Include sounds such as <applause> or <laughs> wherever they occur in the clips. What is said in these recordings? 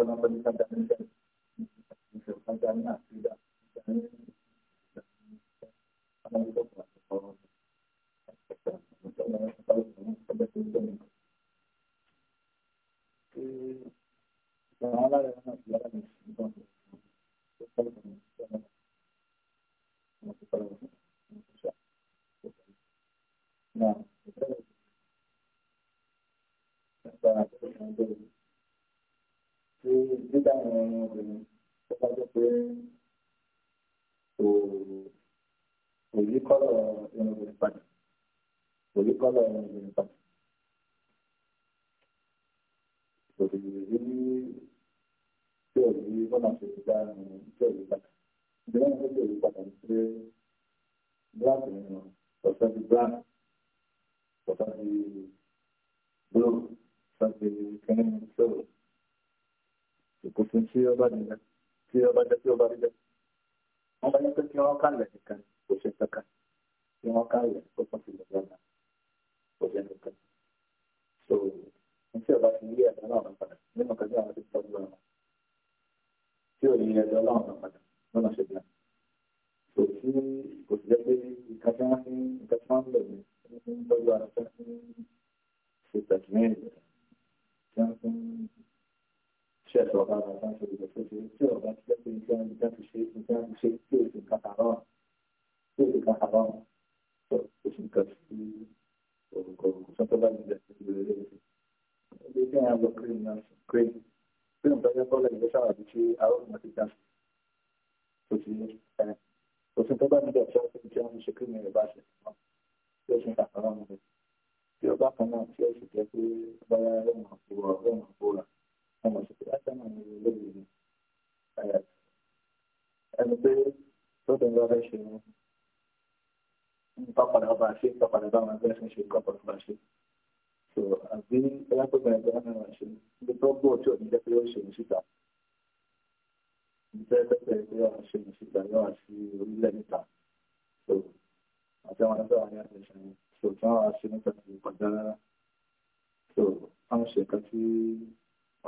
ربنا قد قدمت ọba nìyẹn tí ọba jẹ tí ọba rí jẹ wọn bá yẹ pé kí wọn kálẹ̀ nìkan kò ṣe kankan kí wọn kálẹ̀ ó pọ̀ sí lọ́wọ́ náà kò ṣe kankan so ní tí ọba ti yí ẹ̀dá náà lọ padà nínú kan tí àwọn ti tọ́jú lọ́wọ́ tí ò yí ẹ̀dá náà lọ padà lọ́nà ṣe bí kò sí kò sí jẹ́ pé nǹkan tí wọ́n fi nǹkan tí wọ́n ń lò ní ní tọ́jú ara tí wọ́n fi ṣe tí wọ́n fi ṣe ẹ̀sọ̀ ọba àwọn ọba ṣe ìgbà tó ṣe tí ọba ti lẹ́pẹ́ ní kíá nígbà tó ṣe nígbà tó ṣe tí o sì ń kàkà rọ̀ tí o sì ń kàkà rọ̀ tó o sì ń kà sí orúkọ orúkọ sọ́tọ́ bá mi lẹ́sẹ̀ ìgbèrè rẹ̀ sí. Ilé iṣẹ́ yẹn lọ kírìm náà sùn kírìm kírìm tó yẹ kọ́ lẹ́yìn lọ́sà àti ṣe àwọn ọmọ ti dáṣù tó ti yẹ ẹ̀ o sì ń tọ́ bá mi lẹ́sẹ̀ ìgbèrè tí wọ́n ṣe kírìm rẹ̀ bá ṣe tí o sì ń kàkà rọ̀ tí ọba kan náà tí o sì jẹ́ pé báyá rẹ̀ mọ̀ ọmọ ìṣẹ̀lẹ̀ láti àwọn ọmọ ìlú lórí ìlú ẹni pé tó tẹ̀ lọ́wọ́ fẹ́ ṣe wọn nǹkan padà ọba ṣe nǹkan padà bá wọn ẹgbẹ́ ṣe ṣe nǹkan padà ọba ṣe so àbí ẹlẹ́pẹ̀gbẹ̀ ẹgbẹ́ wọn náà ṣe ibi tó gbọ́ tí òní jẹ́ pé ó ṣe níta níta ẹgbẹ́ pé ó ṣe níta yóò wá sí orílẹ̀ níta so àti àwọn ẹgbẹ́ wọn ní àti ṣe so tí wọ́n wá sí níta ti pàdánù so àwọn ṣe nǹkan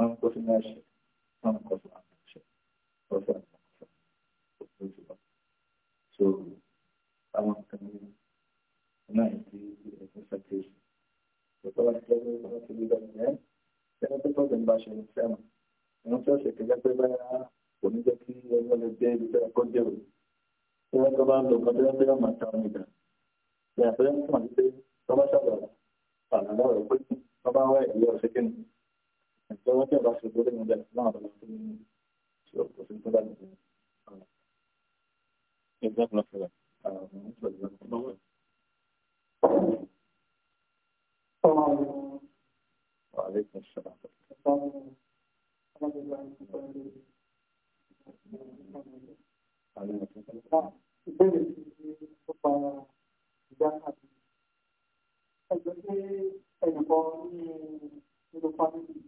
One person has one person has person So I want to know tonight the expectation. So I want to know to be that then. Then I told them about sharing seven. And also she can get by onídẹ́kí ẹgbẹ́ lè dé ibi tẹ́lẹ̀ kó dé o. Tí wọ́n tó bá ń lo nǹkan tó yẹ pé wọ́n máa ta omi dà. Ìyàtọ̀ yẹn fún àti pé tọ́ bá ṣàbà àlàlá rẹ̀ pé tọ́ bá wá ìyá ọ̀ṣẹ́kẹ́ni. Então, até abaixo do poder mundial, não, não, não, não, não, não, Exemplo na fila. Salam. Wa alaikum salam. Ìbéèrè ti ó pa ìjà àti ẹgbẹ́ pé ẹnìkan ní nínú fámìlì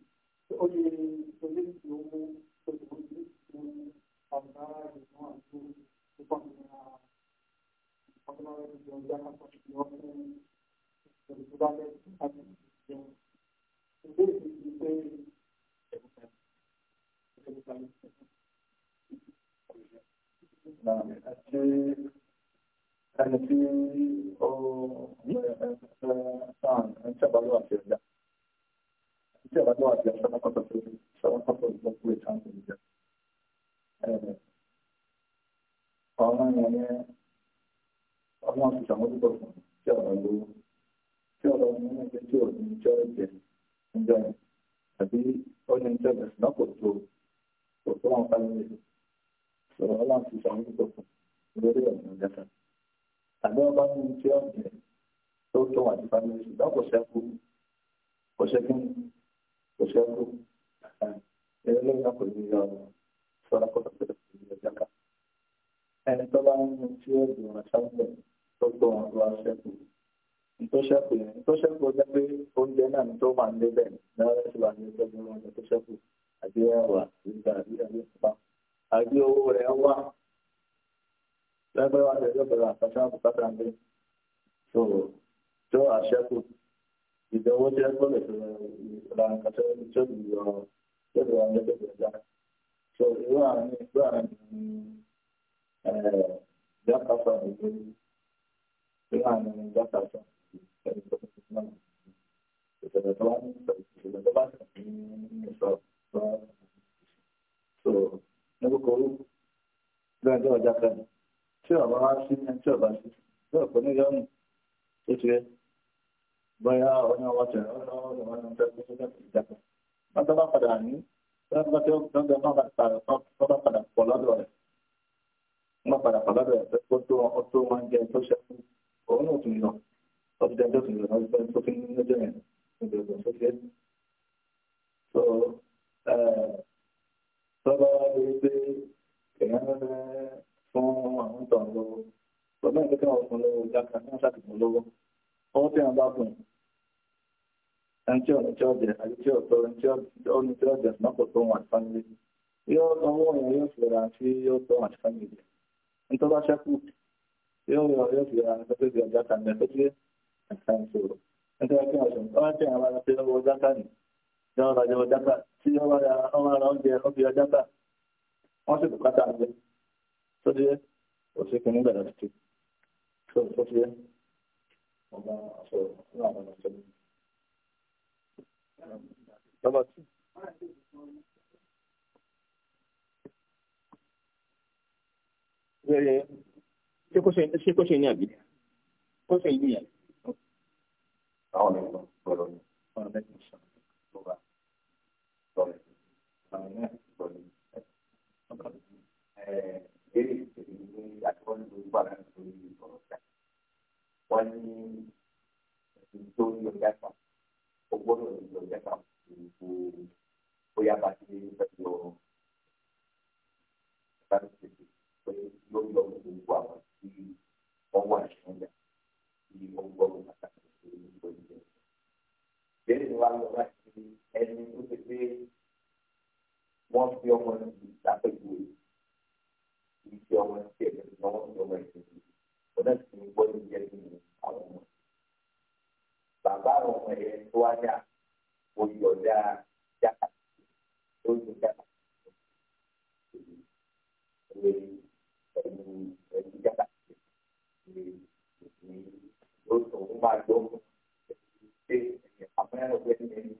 má padà padà bẹ̀rẹ̀ pé ó tó ọ tó máa ń jẹ tó ṣẹ́kù òun náà tún lọ ó ti dájọ́ tún lọ lọ́wọ́ pé tó fi ń lọ́jọ́ yẹn níbi ọ̀gbọ̀n tó fi ẹ́sì. so tọ́ba wá lè pé èèyàn fún àwọn tó ń lọ bàbá ìpín kí wọ́n fún lọ́wọ́ jákà kí wọ́n ṣàtìmọ́ lọ́wọ́ ọwọ́ tí wọ́n bá bùn ẹni tí ọ̀nà tí ọ̀jẹ̀ àti tí ọ̀tọ̀ ẹni tí ọ̀nà tí ọ̀jẹ̀ náà kò tó wọn àti fámìlì yóò sanwó yẹn yóò fura tí yóò nítorí wọ́n ṣẹ́kù yóò wọ yóò fi ara ẹgbẹ́ fi ọjà kan lẹ́kọ́ tí ẹ̀ka ìṣòro nítorí kí ọ̀sán wọ́n ṣe àwọn ará tí wọ́n ọjà kan ní tí wọ́n rajà ọjà kan tí wọ́n ra oúnjẹ ó fi ọjà kan wọ́n sì bùkátà ń bẹ tó di òsì kìíní bẹ̀rẹ̀ títí tó tó di ọba ọ̀sọ̀ náà ọ̀nà ìṣẹ́lẹ̀. rẹ̀ ṣé kó ṣe ní àbí kó ṣe ní àbí. àwọn ọmọ ẹ̀gbọ́n gbọ́dọ̀ ni wọn bẹ kí n sọ ló bá sọ rẹ àwọn ẹ̀gbọ́n gbọ́dọ̀ ni ẹ lérí ìṣèlú ní àtúwọ́n ní gbogbo àwọn ìṣòro ìṣòro ṣá wọn ní ìṣòro ìyọjá kan ó gbọ́dọ̀ ní ìyọjá kan gbogbo bóyá bá ti fẹ́ lọ bá ti ṣètò pé yóò yọ gbogbo àwọn tí ọwọ́ àṣẹyà tí ọgbọ́n pàtàkì tó ń lò ní ẹ̀. Bẹ́ẹ̀ni wá lọ láti ẹni tó ṣe pé wọ́n fi ọmọ ìlú lápẹ̀jùwe kì í ṣe ọmọ ìṣe ẹ̀jẹ̀ tí wọ́n fi ọmọ ìṣe ìlú. Ọ̀dọ́ ti ń gbọ́ níjẹ́ nínú àwọn ọmọ. Bàbá ọmọ yẹn tó wá dà oyè ọ̀dà jákàtì tó ń pẹ̀lú ẹ̀jú yàrá ló sọ fún máa gbọ́ pé àmọ́ ẹ̀rọ bẹ́ẹ̀ ni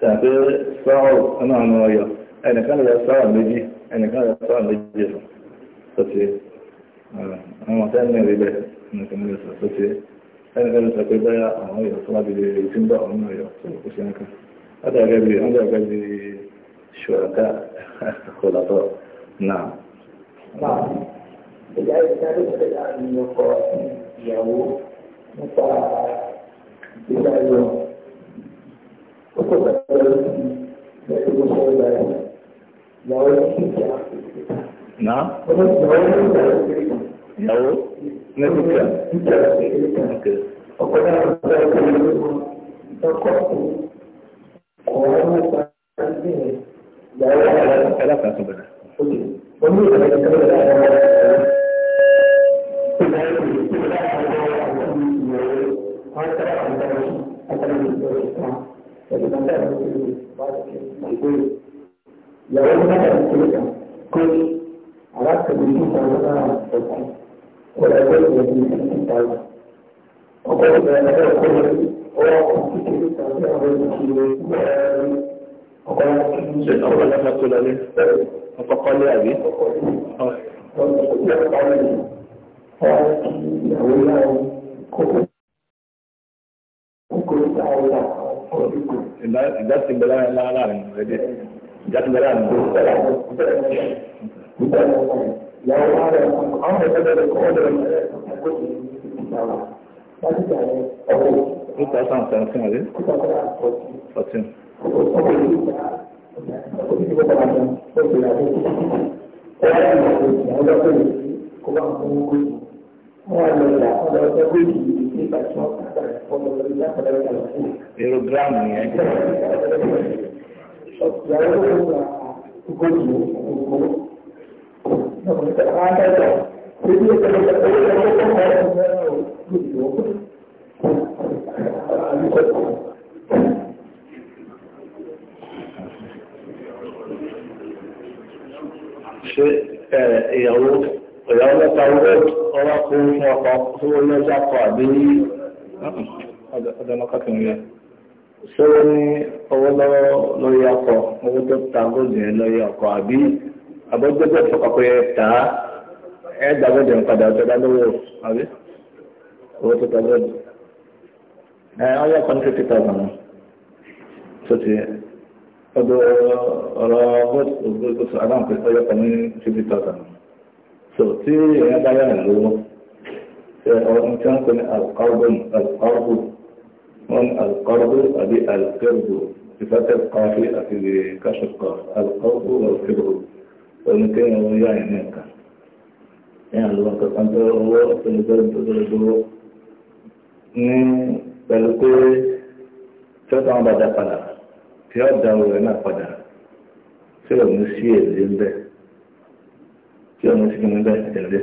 tàbí sọ́ọ̀ ọmọ àwọn ọyọ̀ ẹnìkan lọ sọ́ọ̀ méjì ẹnìkan lọ sọ́ọ̀ méjì fún sọ́tí àwọn ọ̀tẹ́ ní rí bẹ́ẹ̀ nìkan lọ sọ sọ́tí ẹnìkan lọ sọ pé bẹ́ẹ̀ àwọn ọyọ̀ tó wá bí lè tí ń bọ̀ ọmọ ọyọ̀ tó kò sí nǹkan látàgẹ́ bí wọ́n dàgbẹ́ bí ṣùràká kọlọ́tọ̀ náà. ìyá ìsáré ìṣẹ̀lẹ̀ àmì ọkọ̀ ìyàwó nípa ìgbéyàwó na ìyàwó ní dúkìá ok. ọkọ náà ń bá ẹgbẹ́ ìlú ọkọ ọ̀rọ̀ nípa ẹgbẹ́ ìyàwó ẹ̀rọ kan tó bẹ̀rẹ̀. ẹgbẹ́ tó tẹ̀lé ló ti wá ìgbé ìyàwó tó tẹ̀lé ti lè kàn kó ní alákòóbí tó tẹ̀lé ló náà ọ̀kan kó lọ ẹgbẹ́ ìwé ní ẹgbẹ́ ìtàlá ọkọ̀ ìgbẹ́ ẹgbẹ́ ìkó lọ sí ọwọ́ ọkọ̀ kékeré tàbí àwọn ìṣirò ọkọ̀ ṣe ọkọ̀ lọ́mọ tó lọ ní ọkọ̀ kọ́lé àbí ọkọ̀ ìyàwó náà kókó ìjà ti bẹ̀rẹ̀ ńlá láàrin rẹ̀ ìjà ti bẹ̀rẹ̀ àná. Two thousand seventeen, was it? Fourteen. Wọ́n á lọ sí àwọn ọ̀dọ́ ọ̀dọ́ bíi ìgbésẹ̀ àti ọ̀kadà. Aerogram ni ẹ. Ṣé ìyàwó ìyàwó lọ́ta owó ọwọ́ kó fún ọkọ̀ tó lọ́jà kọ àbí ọ̀dọ́mọ́kàtún rẹ̀ ṣọ́rọ́ ní owó lọ́wọ́ lórí ọkọ̀ owó tó ta góòlù yẹn lórí ọkọ̀ àbí àbọ̀jọ́jọ́ ìfọkàpẹ́ ẹ̀ tà á ẹ̀ dàgbẹ́jẹ̀ padà ọ̀tọ́dá lọ́wọ́ àbí owó tó ta góòlù ẹ̀ ọyọ́ kan ní fifty thousand tó ti ọdọ ọ̀rọ̀ gbọ́dọ̀ adáǹpẹ̀ ọyọ́ kan ní fifty thousand so tí èèyàn bá yà lówó ṣe ọ̀rọ̀ tí wọ́n ń ní قال القرض أبي القرض بفتح القاف في كشف القاف القرض والقرض وممكن يعني هناك يعني الوقت أنت هو في البلد ní pẹ̀lú pé tí ó bá wọn bá dá padà tí ó dá orin náà padà tí ò ní sí èlé ń bẹ̀ tí ò ní sí kí ní bẹ̀ èlé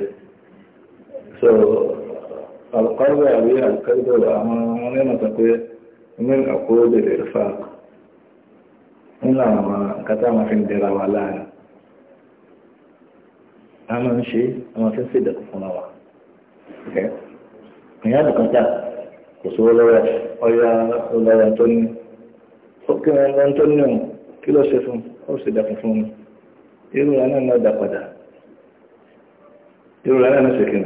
so alƙarwa abi alƙarwa da amma wani mata kwe min a kowace da irfa ina ma kata mafin dira wa lani a ma ṣe a mafin sai da kufuna wa ya bukata kò sí olóra ọya olóra tó ní ó kí wọn lọ tó ní òun kí ló ṣe fún ó sì dà fún mi irú rẹ náà náà dà padà irú rẹ náà náà ṣe kí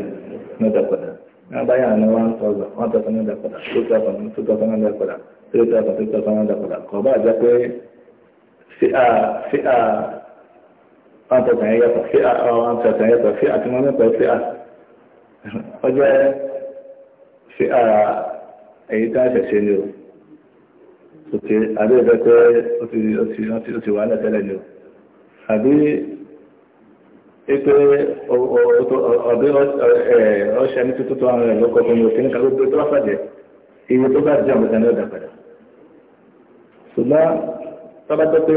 náà dà padà wọ́n bá yà ní one thousand one thousand naira padà two thousand two thousand naira padà three thousand three thousand naira padà kò bá jẹ́ pé fi à ah, fi à ah, one thousand yẹn yàtọ̀ fi à ah, oh, one thousand yàtọ̀ fi à tí wọ́n mẹ́pẹ́ fi à ó jẹ́ fi à èyí tí wọ́n ṣẹ̀ṣẹ̀ ni o ti wà ní ẹ̀tẹ́lẹ̀ ni o àbí pé ọ̀dọ́ ọ̀ṣẹ́ ní tuntun tó àwọn ẹ̀lọ́kọ̀ tó ń lò kíní kàló tó bá fàjẹ́ iye tó bá jẹ́ àmọ́ta ní ọ̀dà padà ṣùgbọ́n tọ́bá tó pé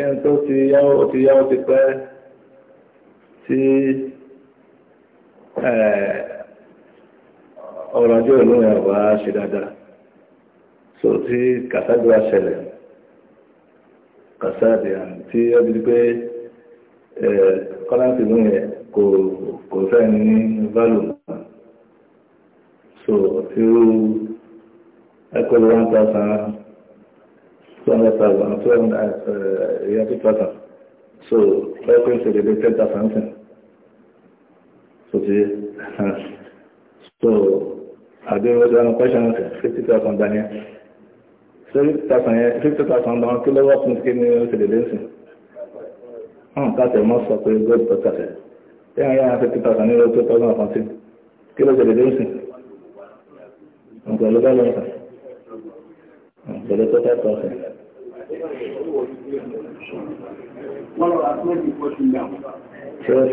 ẹni tó ti yáwó ti yáwó ti pẹ́ tí ọ̀rọ̀ ọjọ́ ìlú yẹn wà á ṣe dáadáa so tí kàtàdúrà ṣẹlẹ̀ kàtàdúrà tí ó kọ́láǹtì ló yẹ kò kò sẹ́ni ní válù náà so irú ẹgbẹ̀rún one thousand two hundred thousand two hundred ẹ̀yà eh, eh, so ẹgbẹ́ ìṣèlérí ten thousand ten so ti <laughs> so àdéhùn ọ̀sán question fifty thousand daniel fifty thousand yẹn fifty thousand daniel kí lọ́wọ́ fún kí ni ó ṣèlérí ń wọn káàtẹ̀ mọ́ sọ pé gold per capita ten yára fifty thousand ní ọdún two thousand and fourteen kí ló ṣẹlẹ̀ lóṣù nǹkan ló bá lọ́sà nǹkan tó five thousand. ṣé wọ́n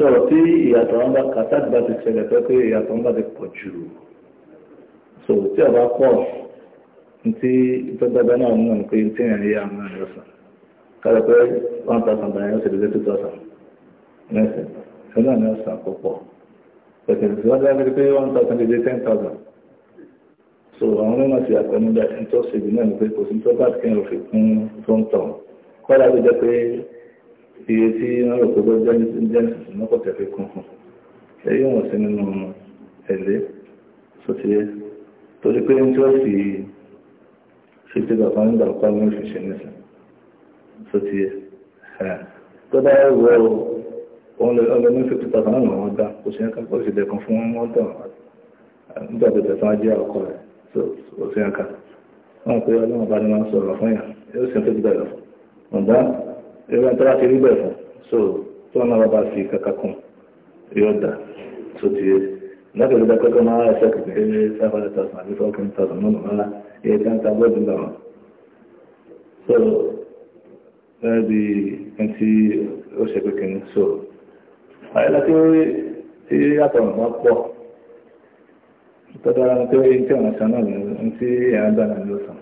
sọ̀rọ̀ tí ìyàtọ̀ wọn bá kàtàkì bá ti ṣẹlẹ̀ pé pé ìyàtọ̀ wọn bá ti pọ̀ jù so tí ọba pọ̀ tí ìtọ́gbàgbà náà mú ní pé tí ìrìn yà mú ní ọ̀sán kára pé one thousand naira ṣe lè two thousand mẹ́sẹ̀ ẹ̀nà ní ọ̀sán kò pọ̀ pẹ̀sẹ̀ tí wọ́n dá pé one lè ten thousand so àwọn ọmọ ti àpẹ nígbà tí tó sí tó bá iye tí arọ̀kọ́gbọ́ jẹ́nìsì mọ́kọ̀ tẹ̀fẹ́ kùnkùn ẹ̀yí wọ́n sí nínú ẹ̀lẹ́ sọ́tíyẹ́ tó ti pé ní tí wọ́n fi ṣe tí bàbá ń gbàkọ́ ní òṣìṣẹ́ nìsà sọ́tíyẹ́ tó bá wọ́ ọlọ́ ní fífi tàbá náà wọ́n dá kò sí ẹ̀ka kò sí dẹ̀kan fún wọn dà nígbà tó tẹ̀sán á jẹ́ àkọ́ rẹ̀ tó sí ẹ̀ka wọn pé ọlọ́run bá ní wọn sọ̀rọ̀ fún yà yóò sì ń tó ti bẹ̀rẹ̀ fún ìrọ̀ tó bá ti rí bẹ̀ fún so tí wọ́n náà bá fi kankan kún yóò dà tó ti yé láti lè dákọ́ tó máa ṣe kékeré ní five hundred thousand àbí four hundred thousand mọ́nà mọ́nà iye tí wọ́n ta bọ́ọ̀dù gbà wọ́n. so bẹ́ẹ̀ bí ẹni tí ó ṣe pé kìíní so àyè láti rí tí yàtọ̀ ọ̀nà pọ̀ tọ́jú ara ní pé ní tí ọ̀nà sàn náà ní tí ẹ̀rọ dáná ní ọ̀sán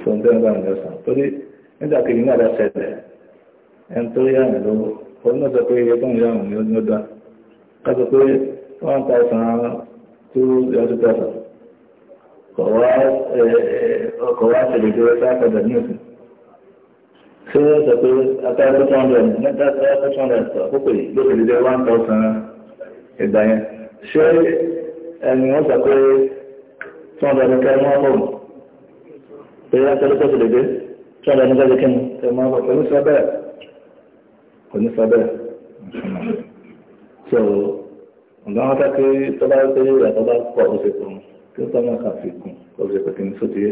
so ní tí ẹ̀rọ dáná ní ọ̀sán torí nígbà kejì náà lọ ṣẹlẹ̀ ẹni tó yà mí lówó ó ní sọ pé iye tó ń yà mí ló dá ká sọ pé one thousand two zero two thousand kọ̀ wá ṣẹlẹ̀ ìjọba five hundred ní òsì ṣé wọ́n sọ pé akáyọ̀ two hundred mẹ́ta two hundred àkókò yìí ló ṣẹlẹ̀ jẹ́ one thousand ìgbà yẹn ṣé ẹni wọ́n sọ pé two hundred kẹrin wọ́n fọ̀ pé akáyọ̀ tó ṣẹlẹ̀ jẹ́ kí ọ̀dà nígbà jẹ́ kẹ́mi tẹ̀ máa bọ̀ pẹ̀lú sọ bẹ́ẹ̀ kò ní sọ bẹ́ẹ̀ so ọ̀gá wọn fẹ́ pé tó bá pé ìyá tó bá pọ̀ ó fi kún kí ó tọ́mọ̀ kà fi kún kó fi pé kí ni sóti yé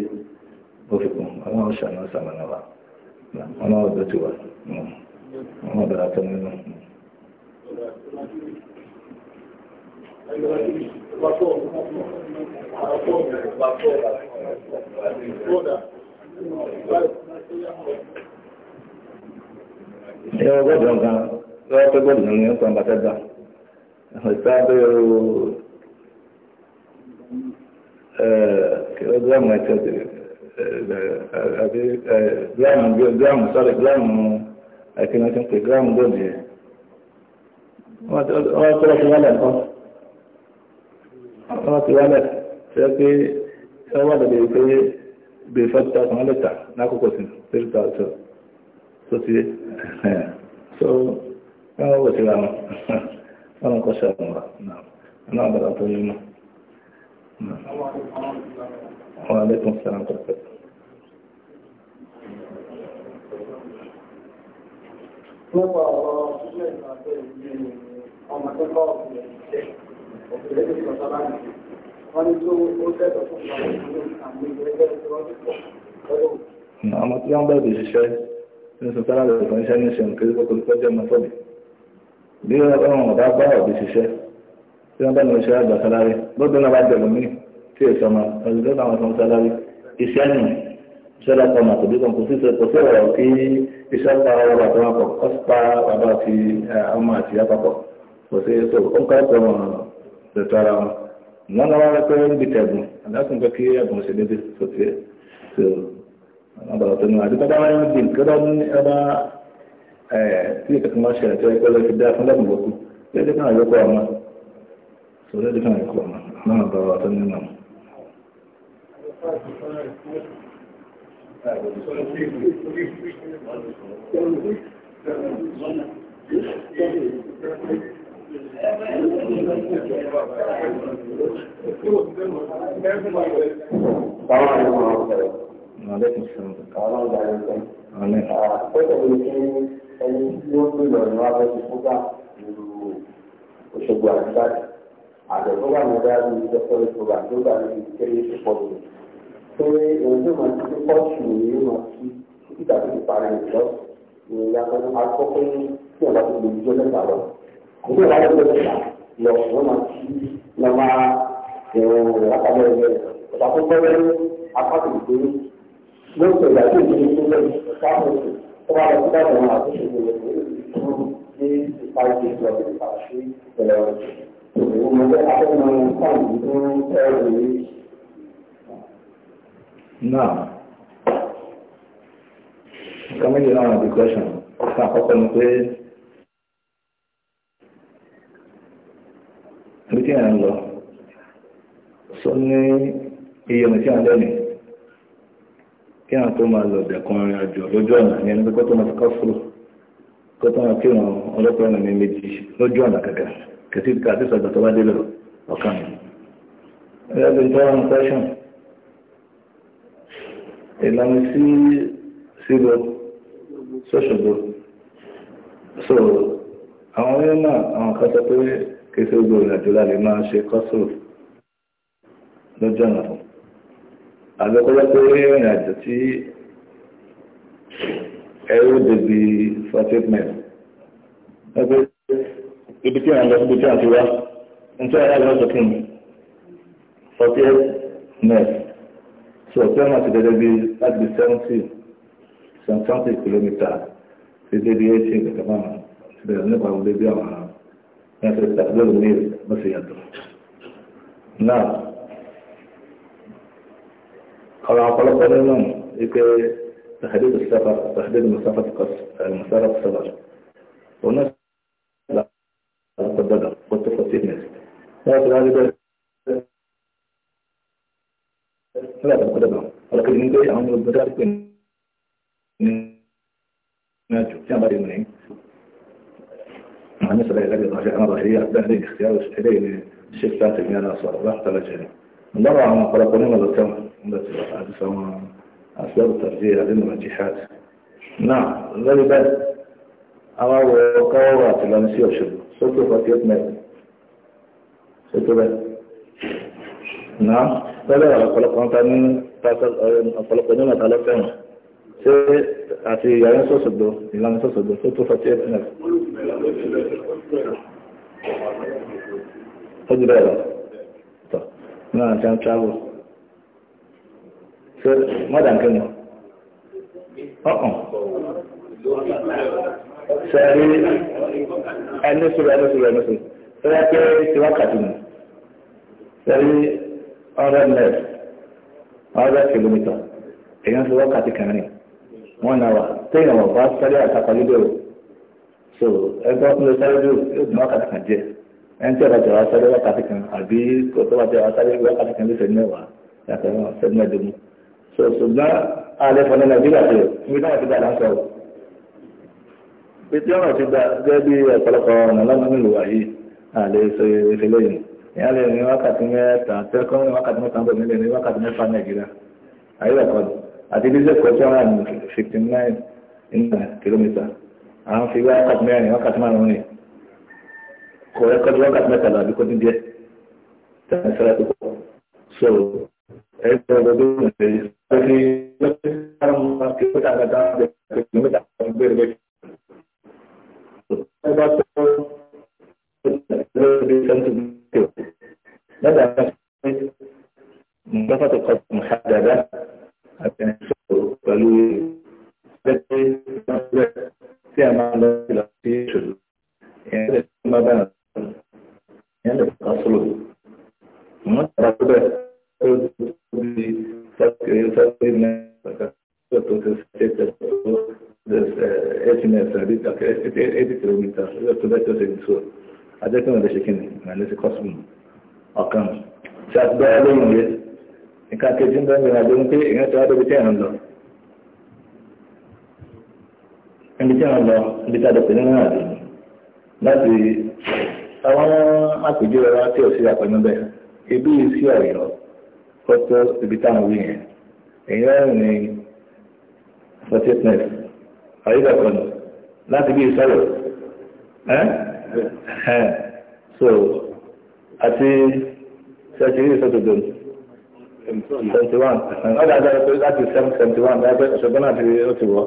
ó fi kún ọlọ́run ṣàánú ṣàmánà wa ọlọ́run ọdọ ti wà ọlọ́run ọdọ àtọ́ nínú. Thank you. ṣé o gbọ́dọ̀ gan lọ́wọ́ pé gbọ́dọ̀ ní ọ̀sán bàtẹ́ gbà ìsáàbẹ̀ o kìlógíráàmù ẹ̀tọ́ àbí gíráàmù gíráàmù sọ́rí gíráàmù ẹ̀kínà tó ń pè gíráàmù gbòdì yẹn wọ́n tó lọ́ fi wálẹ̀ nǹkan wọ́n ti wálẹ̀ ṣe pé ọwọ́ àdàbẹ̀ yìí pé bíi five thousand one letter lákòókò sí three thousand tó ti so wọ́n wọ̀ sí ra wọn wọ́n kọ́ sí àwọn ọ̀nà àbàdà tó yẹ mọ́. Wa alaikum salaam kọ̀ọ̀kan. Nípa ọ̀rọ̀ ilé ìgbàgbé ìlú ọmọ akẹ́kọ̀ọ́ ọ̀gbìn ìṣẹ́, òkèlè ìṣọ̀tọ́ láti àmọ́ tí wọ́n bẹ̀rẹ̀ ìṣiṣẹ́ ní sọ sára rẹ̀ fún iṣẹ́ ní ṣe nǹkan tó kó tó jẹ́ mọ́tọ́bì bí wọ́n bá wọn bá bá ọ̀bí ṣiṣẹ́ tí wọ́n bá ní iṣẹ́ àgbà sálárí lọ́dún náà bá jẹ̀lú mí tí èso ọmọ ọdún tó àwọn ọmọ sálárí iṣẹ́ nù iṣẹ́ lápá ọmọ àtòbí kan kò sí wọn náà wá pẹ́ níbi tẹ̀gùn àdásùn pé kí ẹ̀bùn ṣe dédé tó tiẹ̀ tó wọn bọ̀rọ̀ tó nù àdìpọ́dá wọn ní bíi kọ́dọ̀ ní ọba ẹ̀ tí ìkẹ́kọ̀ọ́ máa ṣẹlẹ̀ tó ẹgbẹ́ lọ́ọ́ fi dá fún lẹ́bùn lọ́kù lẹ́dí kan àyọkọ̀ ọmọ tó lẹ́dí kan àyọkọ̀ ọmọ náà bọ̀rọ̀ tó nínú ọmọ. Thank you. Òṣogbo àdúgbàdì, àjọ̀gbọ́gbà ní ọjọ́ àti ìjọpọ̀lẹ̀ program tó gbà ní ìkéré ìṣẹ́pọ̀lẹ̀. Pé èyí tó máa ti pọ́ọ̀ṣù ní ìlú máa ti títà tó ti parí ìjọ ìrìnàjò akọ́kọ́ ní ìjọba tó lè jẹ́ mẹ́ta lọ kò tó wà lọ́wọ́ ìgbà lọ wọ́n máa ti lọ máa ẹ̀rọ látàbẹ̀ ẹ̀rọ ọ̀tà tó tẹ́lẹ̀ apákò ìgbéró ló ń pèlè àti ìgbéró tó lẹ́yìn sáàmù tó wà lọ síbẹ̀ àwọn àtúnṣe ìgbéró tó ní ìparí ìgbéró ọ̀dọ̀ ìpàṣẹ ìpẹ̀lẹ̀ ọ̀dọ̀ òun mọ̀ pé akẹ́kọ̀ọ́ sáàmù tó ń tẹ́lẹ̀ rèé. náà kọ́mílì náà di kọ́ṣọ̀n ọ̀sán àkọ́kọ́ ni pé ní tí a ń lọ sọ ní iye ọ̀nà tí a lẹ́nu kí a tó máa lọ dẹ̀kun arìn àjò lójú ọ̀nà ní ẹni pé kọ́tọ́ máa fi kọ́sùrù kọ́tọ́ máa kí wọn ọlọ́pàá ọ̀nà ní méjì lójú ọ̀nà kàkà kẹsí ká àti sọ̀gbà tó bá dé lọ ọ̀kan. ẹ̀yà bí tó wọn fẹ́ṣọ̀n ìlànà sí náà àwọn kan sọ pé kéṣe gbogbo ìrìnàjò láti máa ṣe kọ́sùrù lọ́jọ́ náà fún. àgbẹ̀kọ́jọ́ pé ìrìnàjò tí ẹrú dèbí forty men ẹgbẹ́ ibi tí àwọn ọ̀dọ́ tí a ti wá ń tẹ́ ẹ̀rọ lọ́sọ̀ fún mi forty men so ọ̀pẹ́ wọn ti dẹ́dẹ́ bí láti bí seventy seventy kilometre ti dé bí máa ti bẹ̀rẹ̀ nípa wọlé bí àwọn. كانت الاستقبال منير بس يدر نعم قال عقل قال لهم تحديد السفر تحديد مسافة قصر المسافة السفر والناس لا تقدر قلت فصيح ناس لكن هذه لا تقدر ولكن من جاي عمل البدار كن ناجو كان بعد منين المسألة الذي رجعنا رأيها الدهري اختيار إليه الشيخ فاتح أنا صرحت لجنة نرى تم قلقنا تم هذا سواء أسباب الترجيح للمرجحات نعم غالبا أما قوات لا نسيب شر صوت فاتيت مال صوت بل نعم فلا قلقنا من قلقنا من الكم ṣé àti ìyàrá sọ̀sọ̀dọ̀ ìlànà sọ̀sọ̀dọ̀ tó tó fàtí ẹ̀bẹ̀ náà ó tọ̀ náà ṣe ń travel ṣe mọ́dà ń kẹ́nu ọ̀hún ṣe rí ẹni sùúrù ẹni sùúrù ẹni sùúrù ṣe rẹ́ pé ti wákàtí nù ṣe rí hundred miles hundred kilometer èèyàn fi wákàtí kan rìn one hour téèyàn wọ̀ bá sáré àtàkọ́ lídèrò so ẹgbẹ́ tó lọ sáré ló yóò di wákàtí kan díẹ̀ ẹni tí ọ̀rọ̀ jọ wá sáré wákàtí kan àbí kò tó wá jọ wá sáré wákàtí kan ló sẹ́ni mẹ́wàá yàtọ̀ náà sẹ́ni mẹ́ẹ̀ẹ́dógún so ṣùgbọ́n alẹ́ fọ́nà nàìjíríà tó yẹ níbi táwọn ti gbà là ń sọ̀rọ̀ pété ọ̀rọ̀ ti gbà gẹ́gẹ́ bí ọ̀pọ̀lọpọ̀ ọ̀nà lọ́nà nílùú wáyé àlẹ́ sọ ìṣẹ̀lẹ̀ yìí ìyá lè ní wákàtí mẹ́ta tẹ́kọ́ ní wákàtí mẹ́ta ń bọ̀ nílẹ̀ ní wákàtí mẹ́fà nàìjíríà ayé ẹ̀kọ́ àti bí sẹ́kọ̀ọ́ tí wọ́n rà ní fifty nine kìlómítà àwọn fi wákàtí mẹ́rin wákàtí márùn-ún ni kò rẹ́kọ̀dì wákàtí mẹ́tàlá àbí kọ́dún díẹ̀ tẹ̀lé sọ́ra tó kọ́ so ẹgbẹ́ ọgbẹ́ tó ń ṣe é ní lọ́sọ̀rọ̀ kíkọ́tà àgbàdá ẹgbẹ́ mẹ́ta gbére bẹ́ẹ̀. ẹ bá tó lórí sẹ́ńtù bíkẹ́ lọ́dà kan pé nǹkan fàtọ̀kọ̀ mọ̀ṣáàdàdà àti ẹ̀ṣọ́ pẹ̀lú tí a máa lọ sí lọ sí ìṣòro ìyẹn lè fún bàbá náà ìyẹn lè fún sọlọ wọn tàbá tó bẹ tó tó di sáfìkì sáfìkì náà tó tó tó ṣe tó tó ẹtì mẹ́ta àbí ẹtì kìlómítà tó bẹ tó ṣe ní sọ adékùnrin lè ṣe kí ni màá lè ṣe kọ́sùmù ọ̀kan ṣàtúbọ̀ lóyún yẹn nǹkan kejì ń bẹ́ẹ̀ ní adé ń pé ìyẹn tó wá débi tí ẹ̀ ń lọ. níbi tí a lọ níbi tí a dọ̀pẹ̀ nínú àdé ni láti àwọn àpèjúwe wa tí ò sí àpẹnu bẹ́ẹ̀ ibi sí ọ̀yọ́ kọ́tọ́ ibi táwọn wí yẹn èyí ọ̀rìn ní forty eight láti bí ìsọ̀rọ̀ so àti ṣe àṣírí ìsọ̀tò dòdò seventy one wọ́n dàgbà pé láti seven seventy one dábẹ́ ṣùgbọ́n náà ti ó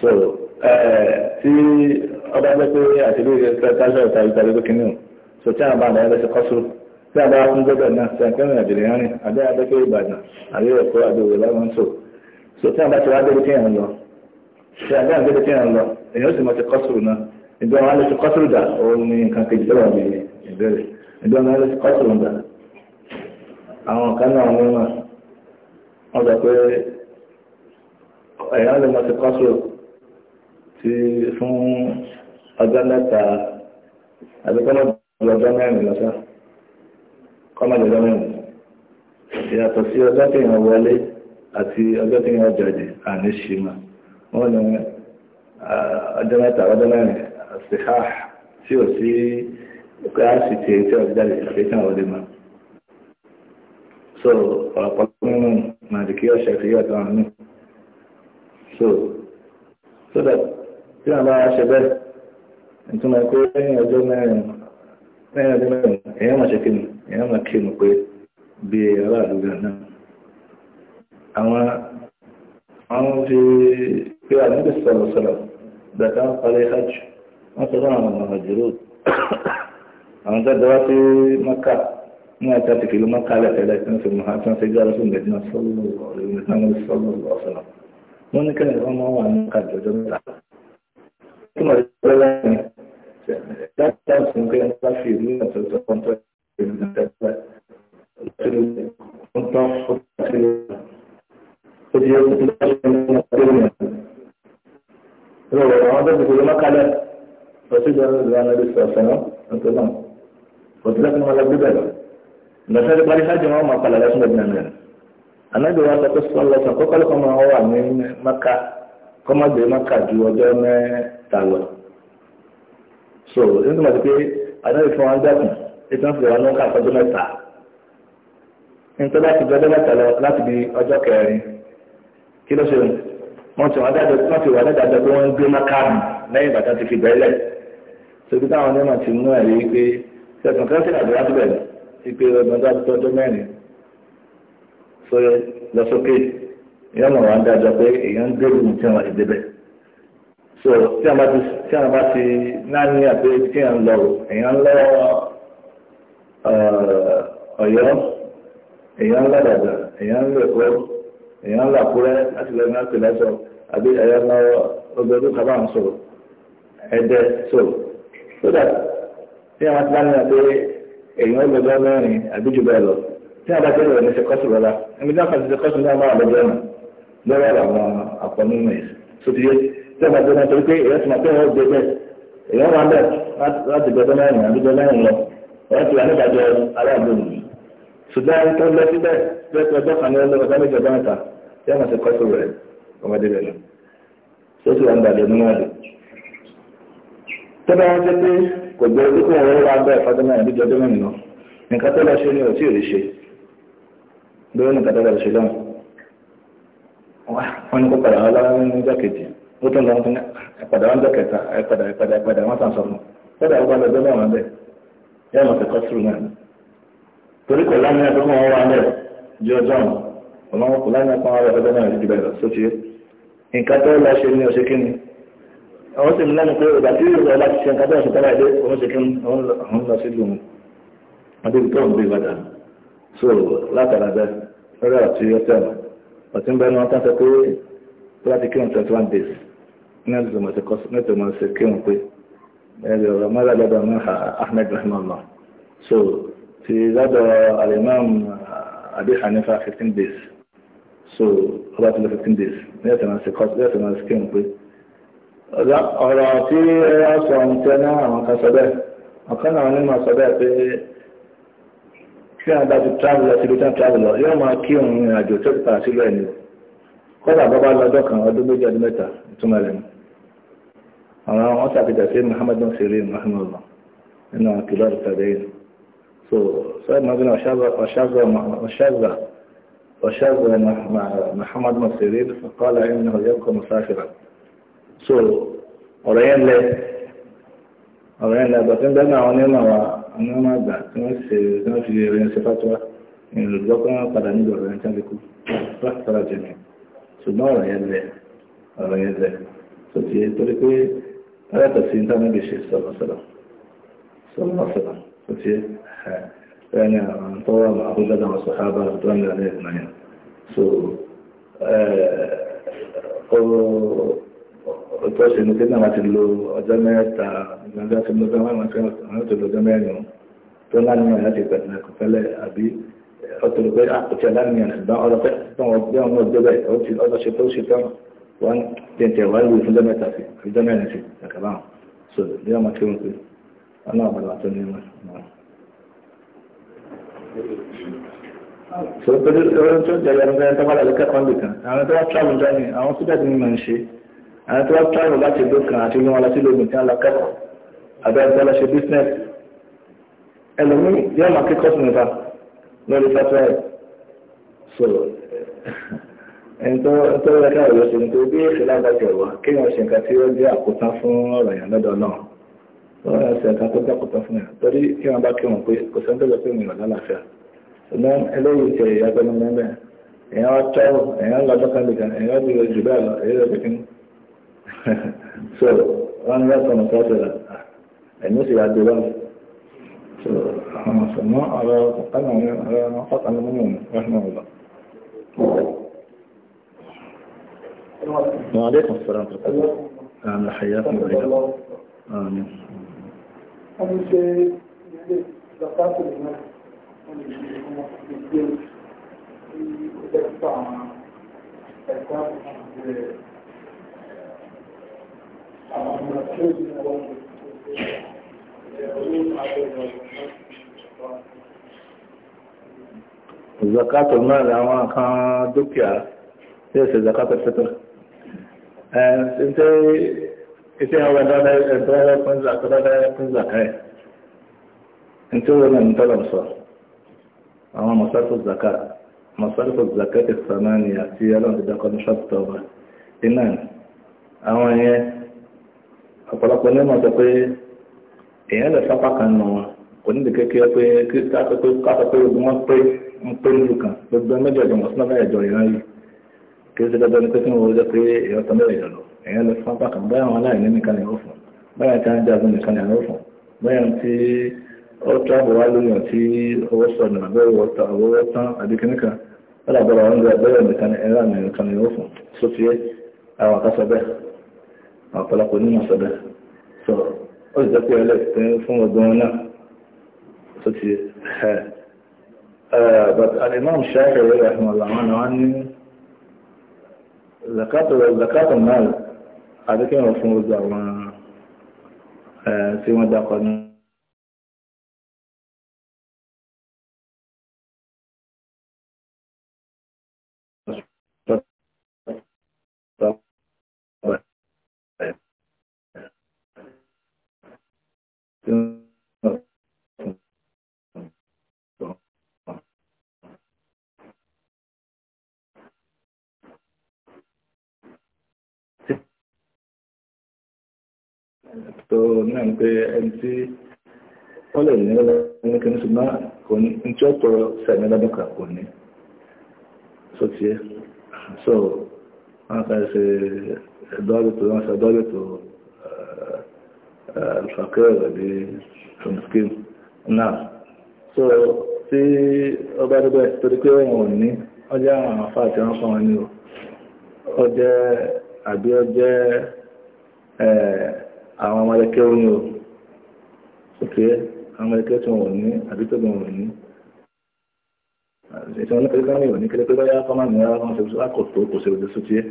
so tí ọba jẹ́ pé àti bí ìrẹsẹ̀ ìtàrí ìtàrí tó kìíní so tí àwọn àbáàdà ẹgbẹ́ ṣe kọ́sù tí àbá fún gbọ́dọ̀ náà tí àpẹ́ ìrìn àjèrè hàn ní àbẹ́ àbẹ́kẹ́ ìbàdàn àrí so so tí àbá ti wá débí tí èèyàn lọ tí àbá àbẹ́kẹ́ tí èèyàn sì mọ̀ ti kọ́sù náà ìjọ àwọn alẹ́sì kọ́tùrù dà òun ni nǹkan kejì tó wà ní ìbẹ̀rẹ̀ ìjọ àwọn alẹ́sì kọ́tùrù dà àwọn kan náà wọ́n gbà pé ẹ̀yàn lè máa ti kọ́tùrù ti fún ọjọ́ mẹ́ta àbí ọjọ́ mẹ́rin ọjọ́ mẹ́rin sí ọjọ́ mẹ́rin sehah tí ò sí kíláàsì tí tí ò jáde ìfẹ́tàn ọdẹ mọ́ so ọ̀pọ̀lọpọ̀ nínú màdìkí ọ̀ṣẹ̀ fi yàtọ̀ àwọn mí so so that tí wọn bá ṣe bẹ́ẹ̀ ìtumọ̀ pé lẹ́yìn ọjọ́ mẹ́rin lẹ́yìn ọjọ́ mẹ́rin èèyàn máa ṣe kí ni èèyàn máa kí ni pé bí aráàlú gan náà àwọn àwọn fi wọ́n sọ fún àwọn mọ̀jòrò àwọn jáde wá sí mọ́kà ní àjà ti kìlú mọ́kà lẹ́tẹ̀lẹ́ tí wọ́n fi mọ̀ àti wọ́n fi gbára fún mẹ́tìnà sọ́lọ́ ọ̀sán wọ́n ní kẹ́lẹ́ wọ́n máa wà ní mọ́kà jọjọ́ mẹ́ta tí wọ́n ti pẹ́ lẹ́yìn láti dáhùn sí pé wọ́n bá fi ìlú ìyàtọ̀ tó kọ́ńtọ́ẹ̀tì wọn lọ anabi sọsọnà ntọ́nà òtún lẹ́kùn wọn lọ gbé bẹ́ẹ̀ lọ lọ́sẹ̀ tó parí hajj wọn máa padà lọ sínú ìdílé náà anabi wọn sọ pé sọlọ sọ kó kọ́lé kọ́ máa wà ní maka kọ́ máa gbé maka ju ọjọ́ mẹ́ta lọ so nítorí wọn ti pé anabi fún wọn dẹ́kun ètò wọn fi wọn lọ́ka ọjọ́ mẹ́ta nítorí wọn ti gbé ọjọ́ mẹ́ta lọ láti di ọjọ́ kẹrin kí ló ṣe wọn ti wọn dájọ wọn ti wọn dájọ pé wọn ń gbé maka lẹ́yìn bàtà ti fi bẹ́ẹ̀ lẹ́yìn tóbi táwọn onímọ̀ ti mú ẹ̀rí pé sẹ́kùn kan sí àdúrà tó bẹ̀rẹ̀ sí pé ọgbọ̀n tó tọ́jú mẹ́rin sóyẹ lọ sókè èèyàn mọ̀ wá ń dájọ́ pé èèyàn ń débù tí wọ́n ti débẹ̀ so tí wọ́n bá ti tí wọ́n bá ti náà ní àpé tí wọ́n lọ èèyàn lọ uh, Ọ̀yọ́ èèyàn lọ Ìbàdàn èèyàn lọ Èkó èèyàn lọ Àkúrẹ́ láti lọ náà pè lẹ́sọ̀ àbí ẹ̀yọ́ lọ ọgbẹ́dún kábàámu sọ̀rọ̀ ẹ̀dẹ́ sọ̀rọ̀ sódà tí àwọn ti lánàá pé èèyàn gbọ́dọ̀ mẹ́rin àbí jù bẹ́ẹ̀ lọ tí àwọn bàtẹ lọ ní sẹkọsù rárá ẹbí náà kàtí sẹkọsù náà máa lọ́jọ́ náà lọ́wọ́ àwọn àpọnú mẹs sotiye tí àwọn bàtẹ náà torí pé èèyàn ti máa tẹ̀wọ́ gbé bẹ́ẹ̀ èèyàn wà bẹ́ẹ̀ láti gbọ́dọ̀ mẹ́rin àbí gbọ́dọ̀ mẹ́rin lọ wọ́n ti wà nígbàjọ aláàbò nìyí ṣùgbọ́n tó lọ síbẹ̀ lẹ́tọ̀ ọjọ́ kan ní ọjọ́ méjì ọjọ́ mẹ́ta yẹ́n máa ṣe kọ́sù rẹ̀ ọmọdé rẹ̀ lọ sótì wà gbàdé nínú àdè tọ́lá wọn jẹ́ pé kò gbé ojú kó wọ́n wá bẹ́ẹ̀ fọ́dún mẹ́rin bí jọdún mẹ́rin lọ nǹkan tó lọ ṣe ni ò tí ò lè ṣe lórí nǹkan tó lọ ṣe lọ́wọ́ wọ́n ní kó padà wọn lọ́wọ́ nínú ìjọ kejì ó tún lọ́wọ́ fún ẹ̀pàdà wọn jọ kẹta ẹ̀pàdà ẹ̀pàdà ẹ̀pàdà wọ́n sàn sọ fún tọ́lá wọn lọ jọdún mẹ́rin bẹ́ẹ̀ yẹ́n lọ kẹ́kọ̀ọ́ sùúrù náà torí kò lánàá tó kọ́ wọn wá bẹ́ẹ̀ ju ọjọ́ ọ̀nà ọ̀nà kò lánàá kọ́ àwọn sì ń lẹ́nu pé ìgbà tí ìgbà ọba ti ṣe nǹkan bẹ́ẹ̀ ṣùgbọ́n àìdé òun ṣe kí òun lọ sí ìlú mu adé tó ń gbé ìbàdàn so látara bẹ́ẹ̀ lórí àti ọtẹ́ẹ̀mù ọtí ń bẹ́ẹ̀ ni wọ́n tán sọ pé láti kírun twenty one days ní ẹ̀sìn ìmọ̀ ṣe kọ́sí nítorí mo ṣe kírun pé ẹ̀rọ ọ̀rọ̀ mọ́lá lọ́dọ̀ ní Ahmed rahmanullah so ti lọ́dọ̀ alimam uh, Abi Hanifa fifteen days so ọba ti lọ fifteen days ní ẹ̀sìn ìmọ̀ ṣe kọ́sí ní ẹ̀sìn ìmọ̀ ṣe kírun pé. ọ̀rọ̀ tí a sọ ń tẹ́ náà àwọn kan sọ bẹ́ẹ̀ ọ̀kan náà nínú sọ bẹ́ẹ̀ pé kí wọ́n bá ti travel lọ síbi tí wọ́n travel lọ yóò máa kí òun ìrìn àjò tó ti padà sílẹ̀ ni o kọ́dà bọ́ bá lọ́jọ́ kan ọdún méjì ọdún mẹ́ta ìtumọ̀ rẹ̀ ni àwọn àwọn sàkìtà sí Muhammad bin Sirin Muhammad nínú àkìlọ́ ìtàdéyìn so sọ́yìn mọ́bí náà ọ̀ṣàgbà ọ̀ṣàgbà Muhammad bin Sirin fọ́kọ́lá ẹni náà yẹ so ọ̀rọ̀ yẹn lẹ ọ̀rọ̀ yẹn lẹ bàtí ń bẹ́ẹ̀ àwọn onímọ̀ wa onímọ̀ àgbà tí wọ́n ṣe tí wọ́n fi rẹ̀ ṣe fatuwa ìrìn òjò kọ́ wọn padà níbi ọ̀rọ̀ yẹn tí wọ́n fi kú pàtàkì jẹ̀mí ṣùgbọ́n ọ̀rọ̀ yẹn lẹ ọ̀rọ̀ yẹn lẹ tó ti torí pé ọlọ́tọ̀ sí ní táwọn ibi ṣe sọ̀rọ̀sọ̀rọ̀ sọ̀rọ̀sọ̀rọ̀ tó ti ẹ̀ ní àwọn tọ́wọ́ àwọn àbújá àwọn sọ̀hábà tó ń lọ ní ìgbìmọ̀ yẹn so ọ̀rọ̀ ọjọ́ ṣe ní kéde àwọn ti lo ọjọ́ mẹ́ta ìgbàlódé àti ọjọ́ mẹ́rin àwọn ti lo ọjọ́ mẹ́rin tó lánìyàn láti gbà ní ẹ̀kọ́fẹ́lẹ́ àbí ọtọ̀ pé àkùtì aláàmìyàn ṣùgbọ́n ọ̀rọ̀ pé tọ́wọ́ bí ọmọ ọjọ́ bẹ́ẹ̀ ó ti ọjọ́ ṣe tó ṣe tán wọ́n tẹ̀tẹ̀ wá lù fún mẹ́ta sí ọjọ́ mẹ́rin sí kàkàbà so bí ọmọ tí wọ́n pè ọlọ́run bàbá tó ní wọn. so pẹ̀lú ọjọ́ ìjọba ẹni tó ń tọ́wọ́ lẹ́kẹ́kọ̀ọ́ nìkan àwọn tó wá tíwájú àwọn tó wá tíráàlù láti ìlú kan àti wọn lọ sí lóògùn tí wọn lọ kẹ́kọ̀ọ́ àbẹ́rẹ́ tó lọ ṣe business ẹlòmíì yóò máa kí course nìkan lórí software so ẹnitọ́ yẹ káyọ̀ lọ sí ní tó bí èsì lágbàjẹ́ wá kí wọ́n ṣe nǹkan tí ó jẹ́ àkótán fún ọ̀rọ̀ yẹn lọ́dọ̀ náà wọ́n yẹn ṣe nǹkan tó jẹ́ àkótán fún yẹn torí kí wọ́n bá kí wọn pé kò sẹ́ńtọ́ lọ sí ìrìnà lálàáfíà ṣùgbọ́n eléyìí ti ẹ̀yà pẹ̀lú mẹ́mẹ́ èèyàn wá tọ́ èèyàn lọ́dọ́ kan lè kan èèyàn lè jù bẹ́ẹ̀ lọ so wọ́n rẹ́ sọ̀nà sọ́sọ̀rọ̀ ẹ̀mí sì wá dé báyìí so àwọn ọ̀sọ̀mọ́ ọ̀rọ̀ ọ̀pọ̀lọpọ̀ mọ́mọ́ rẹ́sùn ọ̀gbà وعليكم السلام ورحمة الله أهلا حياكم الله آمين Thank you. zakatul mal àwọn kan dúkìá tí ó ṣe zakatul fitr ẹ̀ẹ́n tí iṣẹ́ àwọn ẹ̀dọ́rẹ́ fún zakadọ́rẹ́ fún zakai in tí ó rẹ̀ ń tọ́lọ̀ sọ àwọn masarfu zakat masarfu zakat ìsànáni àti alọ́dẹ̀dẹ́kọ́ ní ṣọ́pù tọ́ba iná àwọn yẹn ọ̀pọ̀lọpọ̀ ní ọmọ sọ pé èèyàn lè sápá kan nù wọn kò ní ìdíkẹ́ kí ẹ pé kí káfẹ́ pé ogun wọn pé ń pé nílùú kan gbogbo mẹ́jọ ìjọ mọ̀sánná bẹ́ẹ̀ jọ ìran yìí kí ó ṣe dandan ní pé kí wọ́n jẹ́ pé èèyàn tán bẹ́ẹ̀ ìjọlọ èèyàn lè sápá kan báyà wọn aláìní nìkan ni ó fún báyà tí wọ́n jagun nìkan ni ó fún báyà tí ó tráàbù wá lóyún tí owó sọnù àbẹ́wò tán àdékìníkan ọ̀pọ̀lọpọ̀ oníyàn sọ́dọ̀ so ó sì jẹ́ pé fún ọgbọ́n náà tó ti ẹ̀ but alimam ṣáàkì rẹ̀ ẹ̀hìn ọ̀làwọn náà ní zakatọ̀ náà adékẹ́wọ̀n fún gbogbo àwọn tí wọ́n dákọ̀ náà tó náà pé MC, tí ni lè ní ọlọ́run kí ní ṣùgbọ́n kò ní tí ó tọrọ sẹ́mi lọ́dún kan kò ní so tí ẹ so wọ́n fẹ́ ṣe ẹ̀dọ́rẹ̀ tó wọ́n ṣe ẹ̀dọ́rẹ̀ tó alfakẹ́rẹ̀ bí tùmùsíkìl náà so tí ọba dúgbẹ́ torí pé wọ́n ní ọjọ́ àwọn afá àti wọ́n fún wọn ní o ọjẹ́ àbí ọjẹ́ àwọn ọmọdékẹ́ ní o òkè àwọn ọmọdékẹ́ tí wọ́n ní àbí tó gbọ́n wọ́n ní pẹ̀lú kámi ò ní kéré pé báyá fọ́nmà tó kò ṣe òjò sótìẹ́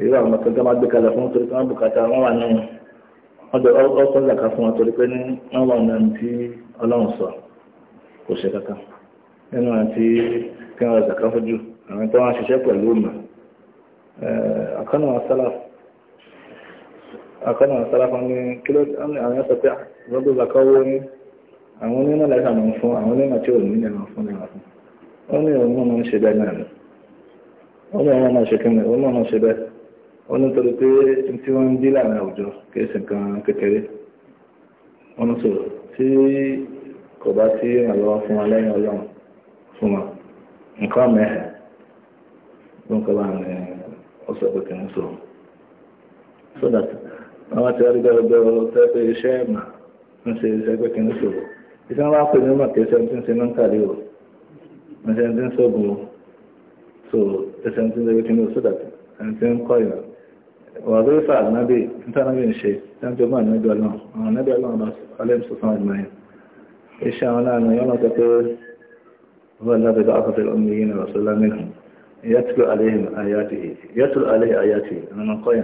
èyí àwọn tó máa gbé kalẹ̀ fún bùkátà wọ́n wà ọkọ̀ ìlàkà fún wọn torí pé ní wọ́n wà náà tí ọlọ́run sọ kò ṣe kankan nínú àti kí wọ́n zàkà fojú àwọn tó wọ́n ṣiṣẹ́ pẹ̀lú ọmọ akọ́nà sálàfà ní kíló àwọn ẹ̀sọ̀ pé rọ́gbò zàkà owó ní àwọn onímọ̀ láìsà máa fún àwọn onímọ̀ tí ò ní ìlànà fún ní àwọn fún wọn ní ìrònú máa ń ṣe bẹ́ẹ̀ náà ni wọ́n ní àwọn máa ṣe kí ni wọ́n máa ṣe bẹ́ẹ̀ ó ní torí pé tí wọ́n ń dí láàrin àwùjọ kẹsì kan kékeré wọ́n ń sọ̀rọ̀ tí kò bá sí ìrànlọ́wọ́ fún wa lẹ́yìn ọlọ́run fún wa nǹkan mẹ́hẹ̀ ló ń kọ́ bá ní ọ̀sẹ̀ pé kì í sọ̀rọ̀ so that àwọn ti rí gbẹrẹgbẹrẹ tẹ́ pé iṣẹ́ ẹ̀mà ń ṣe iṣẹ́ pé kì í sọ̀rọ̀ iṣẹ́ wọn pè ní ọmọ kì í ṣe ti ń ṣe mẹ́ńtàlì o ẹ̀ṣẹ̀ ti ń ṣọ́gun o so ẹ̀ṣẹ̀ ti ń ṣe pé kì í sọ̀rọ̀ so that ẹ̀ṣẹ̀ ń kọ́ ìrànlọ́wọ́ وظيفة النبي انت نبي الشيء كان جماعة النبي الله النبي آه، الله عليه الصلاة والسلام إيش أنا أن يوم تقول هو الذي بعث في الأميين رسولا منهم يتلو عليهم آياته يتلو عليه آياته أنا من قوي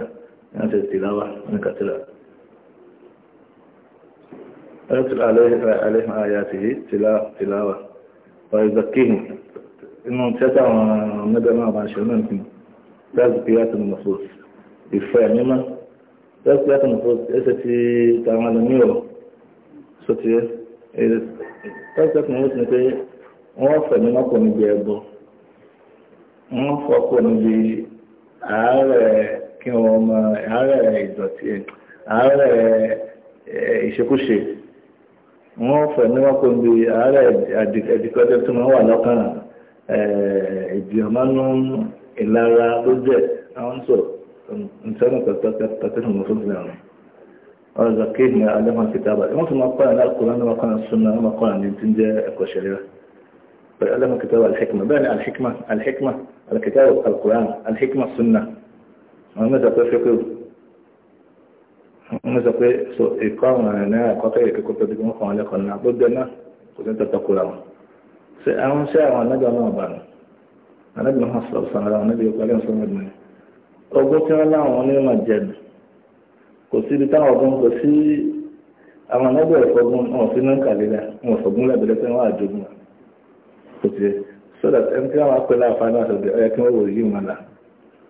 أنت التلاوة أنا كتلاوة يتلو عليه عليهم آياته تلاوة تلاوة ويزكيهم إنهم تتعوا النبي ما بعشر منكم تزكيات النفوس ìfẹ́ mímọ́ bẹ́ẹ̀ pé àtàwọn ẹsẹ̀ ti tàwọn ẹlòmí ò sọ ti ẹ bẹ́ẹ̀ pé àtàwọn fún pé wọ́n fẹ́ mímọ́ kò níbi ẹ̀bọ wọ́n fọ́ kò níbi àárẹ̀ kí wọ́n mọ àárẹ̀ ìdọ̀tí àárẹ̀ ìṣekúṣe wọ́n fẹ́ mímọ́ kò níbi àárẹ̀ إنسان تأتيهم نصوص يعني وزكيهم يعلمها الكتابة يمكن ما قال لا القرآن ما قال السنة ما قال الجنجة أكوى شريرة فيعلمها الكتابة الحكمة بان الحكمة الحكمة الكتاب القرآن الحكمة السنة وماذا قال فقه وماذا قال إقامة أنا قطعي كنت تقوم لك قلنا ضد أنا كنت تقول سأعون ساعة ونجا الله بان أنا ابن انا صلى الله عليه وسلم ọgbọ́n tí wọ́n láwọn onímọ̀ jẹ̀dù kò síbi táwọn ọgbọ́n kò sí àwọn ọgbọ́n ẹ̀fọ́gbọ́n wọn sí náà kàlílà wọn fọ̀gbọ́n lẹ́bẹ̀rẹ̀ pé wọ́n àjogún kò sí so that ẹni tí wọ́n pẹ̀lú àfáàní àtọ̀dẹ̀ ọ̀yẹ́ kí wọ́n wò yí wọn là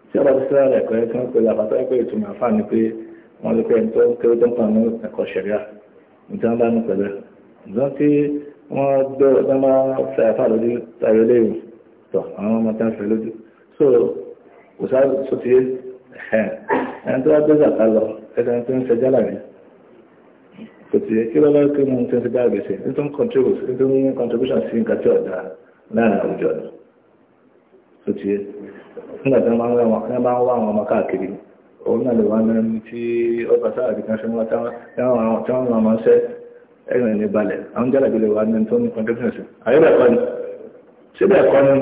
tí wọ́n bá ti sẹ́rẹ̀ ẹ̀kọ́ yẹ kí wọ́n pẹ̀lú àfáàní àtọ̀dẹ̀ pé ìtumọ̀ àfáàní pé wọ́n lè pẹ́ ẹni tó kéré tó ń pa ní ẹ̀kọ́ ṣẹ̀ríà nǹkan bá ní pẹ̀lẹ́ nǹkan tí wọ́n gbé ọ̀dọ́ máa fẹ́ àfáàní lójú tàbí léwu tọ̀ àwọn ọmọ tá ń fẹ́ lójú kò sáré tó ti ẹni tó wá gbé zàkà lọ ẹni tó ń ṣe jálà ní kò ti yẹ kí lọ́lọ́ kí mú tó ń ṣe bá gbèsè ní tó ń contribution sí nǹkan tí ọ̀dà láàrin àwùjọ ni kò ti yẹ nígbà tí wọ́n máa ń wá àwọn ọmọ káàkiri òun náà lè wá ní tí ọba sáà kìkan ṣe wọ́n tí wọ́n máa ń ṣẹ́ ẹ̀rìn ní balẹ̀ àwọn jálà bí lè wá ní tó ń contribution sí àyẹ̀bẹ̀ kọ́ni síbẹ̀ kọ́ni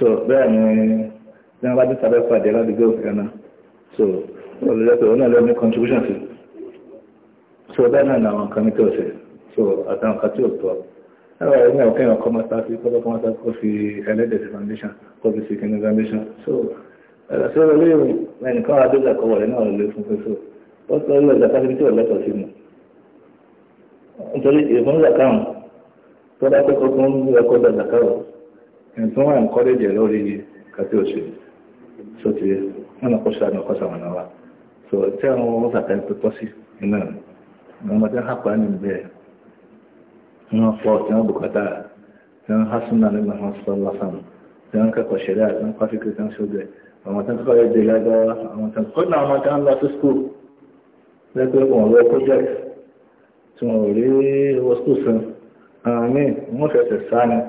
so bẹ́ẹ̀ ni ní wọ́n bá dín sábẹ́ pàdé ládùúgbò òkè náà so olùdókòwò náà ló ní contribution sí so bẹ́ẹ̀ náà làwọn kan ní tó ṣe so àtàwọn kan tí ò tọ́ ẹ̀rọ ẹ̀rọ ẹ̀rọ kẹ́yìn ọkọ̀ mọ́tà sí kọ́kọ́ mọ́tà kó fi ẹlẹ́dẹ̀ sí foundation kó fi sí kìnnì foundation so ẹ̀rọ sí ọ̀rọ̀ lóyún ẹnìkan wà dókè àkọwọ̀ rẹ̀ náà lè fún fún so ó sọ ilé ìjà káfíńtì tí ò lẹ́tọ̀ọ́ sí mu nítorí ìfúnlẹ̀ káwọn tó bá kọ́kọ́ fún ẹ̀kọ́ dàgbà káwọn tó wà ń kọ́lẹ̀jẹ̀ lórí kàtí òṣèlú so ti ọ̀nà kọ́ṣà ní ọkọ́ṣà wọn náà so tí àwọn ọmọ ọ̀sà kan pípọ́ sí iná ọmọ tí wọ́n hápa ní ìbẹ̀ wọ́n pọ̀ tí wọ́n bùkátà tí wọ́n há súnà nínú àwọn sọ lọ́sàn tí wọ́n kẹ́kọ̀ọ́ ṣẹlẹ̀ àti wọ́n pàfikì tí wọ́n ṣogbẹ̀ ọmọ tí wọ́n kọ́ ẹ̀dẹ̀ lágbára project tí wọ́n rí owó skul san àwọn míì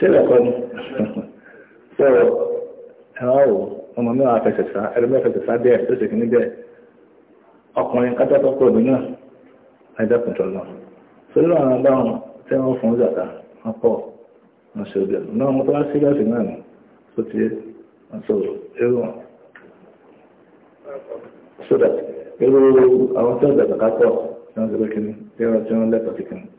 sílẹ̀ kọ́ ni so ẹ̀wọ̀n o ọmọ mi wà fẹsẹ̀ sá ẹlẹ́mọ̀ fẹsẹ̀ sá bẹ́ẹ̀ tó sì kí ní bẹ́ẹ̀ ọkùnrin kájá tó kó òbí náà ẹ̀dẹ́kùn tó lọ so nínú àwọn abáwọn tí wọ́n fún zàtà wọn pọ̀ wọn ṣe òbí ọ̀nà ọmọ tó wá sí that irú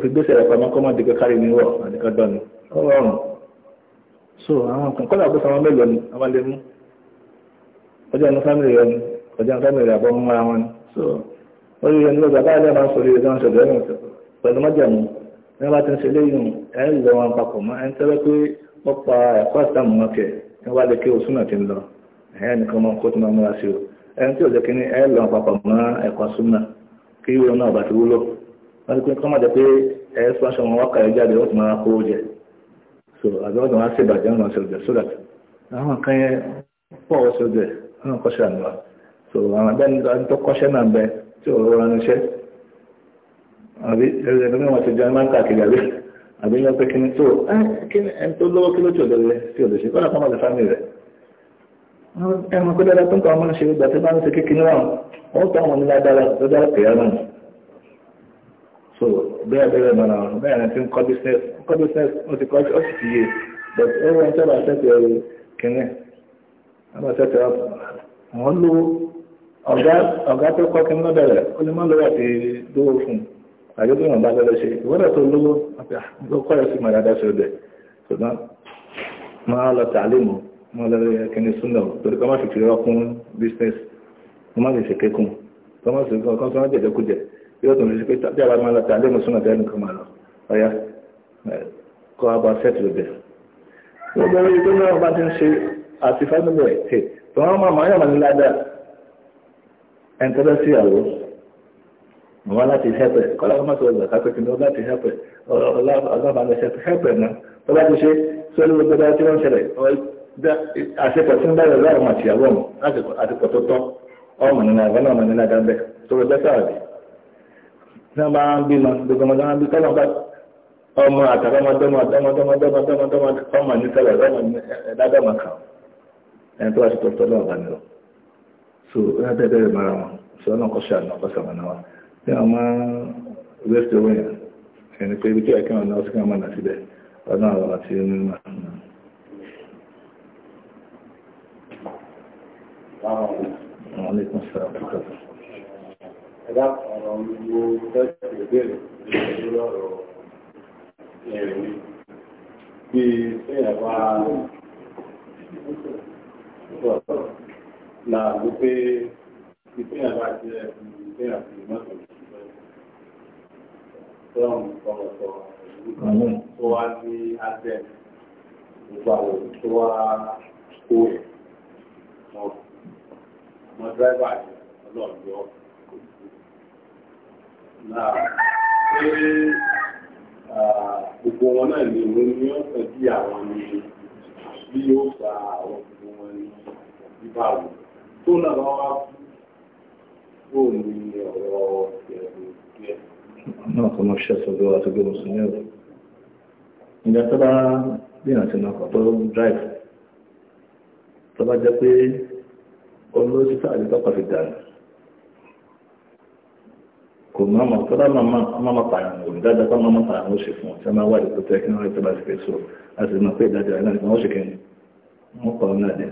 fi gbèsè rẹ̀ pamọ́ kọ́ máa di kárí ní wọ̀ àdìkà dọ́ni ó rọrùn so àwọn kan kọ́lá àbúrò sáwọn mélòó ni àwọn lè mú ọjọ́ inú fámìlì rẹ̀ ni ọjọ́ inú fámìlì rẹ̀ àbọ̀ mú ara wọn ni so orí rẹ̀ nílò bàbá àdá máa ń sọ̀rọ̀ ìrẹsì wọn sọ̀rọ̀ ẹ̀rùn pẹ̀lú májàmú ní wọ́n bá ti ń ṣe léyìn ẹ̀ ń lọ wọn papọ̀ mọ́ ẹ̀ ń tẹ́lẹ̀ pé wọ́n pa ẹ̀kọ́ ìsàmù wọn kẹ̀ ní wọ́n lè ké oṣù náà ti ń lọ ẹ̀ nìkan mọ́ kó tó máa múra sí o ẹ̀ ń tí ò jẹ́ kí ni ẹ̀ lọ papọ̀ mọ́ ẹ̀kọ́ súnmọ́ kí wọn náà bá ti wúlò wọ́n ti pín kọ́ mọ̀jẹ̀ pé expansion wọn wá kàyọ̀ jáde wọ́n ti máa kó jẹ so àbí wọ́n ti máa ṣèbàjẹ́ wọn ṣe òjò so that àwọn nǹkan yẹn pọ̀ wọ́n ṣe òjò ẹ̀ wọ́n kọ́ ṣe so àwọn abẹ́ni tó kọ́ṣẹ́ náà bẹ tí ò rọra níṣẹ́ àbí ẹgbẹ́ mi wọ́n ti jẹun máa ń káàkiri àbí àbí yẹn pé kí ni tó ẹni tó lówó kí ló tí ò lè tí ò lè ṣe kọ́nà kọ́mọ̀lẹ̀ fámì rẹ̀ ẹnu kó dára tó ń kọ́ ọmọ ṣe gbà tí bá ń ṣe kékeré wọn ó tọ́ ọmọ nílá dára tó dára náà so bẹ́ẹ̀ bẹ́ẹ̀ mọ̀nà bẹ́ẹ̀ tí ń kọ́ business kọ́ business ó ti kọ́ ó yé but ó wọ́n sábà tẹ̀sẹ̀ kínní sábà tẹ̀sẹ̀ àwọn lówó ọ̀gá ọ̀gá tó kọ́ kínní lọ́bẹ̀rẹ̀ ó lè má lọ́wọ́ àti lówó fún un tó yàn bá lọ́lọ́ ṣe ìwọ́dà tó lówó ló kọ́ ẹ̀sìn mọ̀ dáadáa ṣe ọdẹ ṣùgbọ́n máa lọ tààlé mọ́ máa lọ kínní súnà torí kọ́ má fi business kọ́ má fi ṣèkékùn kọ́ má fi kọ́ sọ́n yóò tún lè pé tí a bá máa lọ tàbí mùsùlùmí tẹ́lẹ̀ nǹkan máa lọ ọ̀yá kọ́ abọ́ sẹ́ẹ̀tì ló bẹ̀. gbogbo ẹni tó náà bá ti ń ṣe àti fámìlì ẹ̀ tè tó wọ́n máa máa yàmà ní ládàá ẹni tó bẹ́ sí ìyàwó màmá láti hẹ́pẹ̀ kọ́lá kọ́ máa sọ ọ̀gbà kápẹ́ kí ni ó láti hẹ́pẹ̀ ọlọ́bàánlẹ̀ hẹ́pẹ̀ náà tó bá ti ṣe sórí gbogbo dáa tí wọ́n bá ń bí ma gbogbo ọmọdé wọn bí tọ́lọ́ bá ọmọ àtàkọ́mọdọ́mọ dọ́mọdọ́mọdọ́mọdọ́mọ ọmọ ní sẹ́lẹ̀ ọmọ ní ẹ̀dádọ́mọ kan ẹni tó wá sí tọ́tọ́ lọ́wọ́ bá ní lọ. so ẹni tẹ́ bẹ́ẹ̀ mara wọn sọ náà kọ́ ṣàánú ọkọ̀ sàmánà wa bí wọ́n máa ń wéṣ ẹni pé ibi tí ẹ̀kẹ́ ọ̀nà ọ̀sìn kan mọ̀nà síbẹ̀ ọ̀nà ọ̀rọ̀ àti ẹni mà. Àwọn ọ̀lẹ́kùn sọ̀rọ̀ púpọ̀ ẹ̀dá ọ̀rọ̀ gbogbo tẹ́sí ìbéèrè lórí ọ̀rọ̀ ẹ̀rí bí sẹ́yìn bá sọ̀rọ̀ là wípé ìpínyà bá jẹ́ ìpínyà fi mọ́tò ìṣẹ́ tọ́lọ́mù sọ̀rọ̀sọ̀ ìlú tó wá ní ájẹ́ gbogbo àwọn tó wá kó ẹ̀ mọ́ dráìbà ọlọ́ọ̀dọ́ gbogbo wọn náà ni wọ́n ní ọ̀sẹ̀ bí àwọn ni bí ó gba àwọn gbogbo wọn ní ìbáwò tó náà bá wá kú ó ní ọ̀rọ̀ ìrẹ̀lú díẹ̀. náà kò mọ̀ ṣe àtọ́gbọ́ àtọ́gbọ́ mùsùlùmí ọ̀rọ̀ ìgbà tó bá bí àti náà kọ̀ tó drive tó bá jẹ́ pé olóṣìṣẹ́ àdìtọ́kọ̀ fi dànù kò má ma tó bá má ma pààyàn kò ní dájọ́ pé má ma pààyàn ó ṣe fún ọ tí wọ́n wá ìkó tẹ́ kí wọ́n tó bá ti fẹ́ so a sì mọ̀ pé ìdájọ́ ẹ̀ náà ni wọ́n ṣe kẹ́ni wọ́n pa ọ́ náà dẹ̀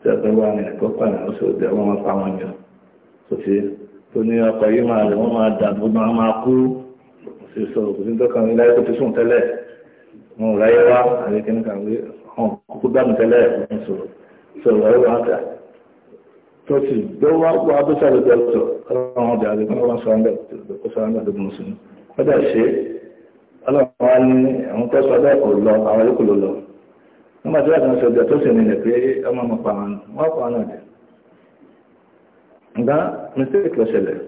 tí a fẹ́ wá ní ẹ̀kọ́ pààyàn ó ṣe òde wọ́n máa pa wọn yàn tó ti tó ní ọkọ̀ yìí máa rẹ̀ wọ́n máa dà bó máa máa kú sí so kò sí dọ́kan ní láyé tó ti sùn tẹ́lẹ̀ wọn ò ráyé wá àríkẹ́ tọ́tì lọ́wọ́ wá bó sáré dọ́tọ̀ ọlọ́run ọjà rẹ̀ kọ́nà wọn sáré dọ́tọ̀ sáré dọ́tọ̀ mùsùlùmí ọjà ṣe ọlọ́run wá ni, àwọn tó sọ ọjà kò lọ àwọn yòókù ló lọ wọ́n bá tíwájú sọ ọjà tó sì nílẹ̀ pé ọmọ ọmọ pa wọn wọ́n pa wọn náà jẹ. ǹgbá mistake lọ ṣẹlẹ̀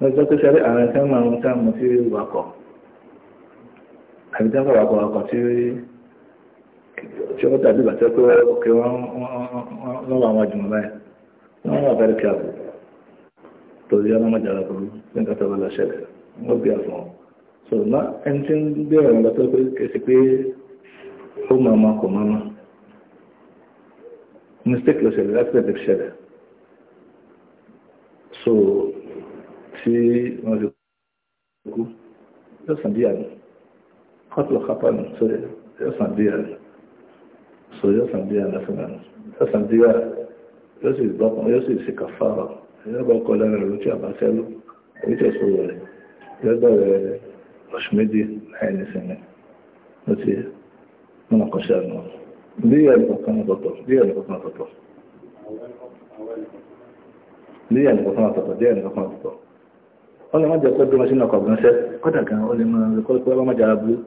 lọ́jọ́ tó ṣẹlẹ̀ àárín sẹ́wọ̀n àwọn táwọn tí wakọ̀ àbí táwọn wakọ̀ wakọ̀ tí tí wọ́n tàbí bàtẹ́ pé ọkẹ́ wọ́n wà wọn jùmọ̀ báyìí wọ́n wà bẹ́rẹ̀ kí a bò torí ọmọ mọ́jà rẹ̀ burú ní nǹkan tó wọ́n bí àfọ̀n so ná ẹni tí ń gbé ọ̀rọ̀ lọ tó pé kẹsì pé ó máa ma kò máa mistake ló ṣẹlẹ̀ láti tẹ̀lé ṣẹlẹ̀ so tí wọ́n ti kú yóò sàn díyà ní kọ́tù ọ̀kápá ní sórí yóò díyà ní so yóò san díẹ̀ lẹ́fún náà yóò san díẹ̀ yóò sì gbọ́kàn yóò sì ṣe kàfàrà yóò bá kọ́ lára rẹ̀ lójú àbáṣẹ́lú èyí tó sọ̀rọ̀ rẹ̀ yóò bẹ̀rẹ̀ oṣù méjì láì ní sinmi ló ti mọ̀nà kọ́ṣẹ́ àná díẹ̀ nìkan ọ̀tọ̀tọ̀ díẹ̀ nìkan ọ̀tọ̀tọ̀ díẹ̀ nìkan ọ̀tọ̀tọ̀ díẹ̀ nìkan ọ̀tọ̀tọ̀ wọ́n lè má jẹ́ pé bí wọ́n ṣe ń lọ kọ̀ọ̀gbọ́n ṣẹ́ ó lè máa ń rẹ́kọ́ pé wọ́n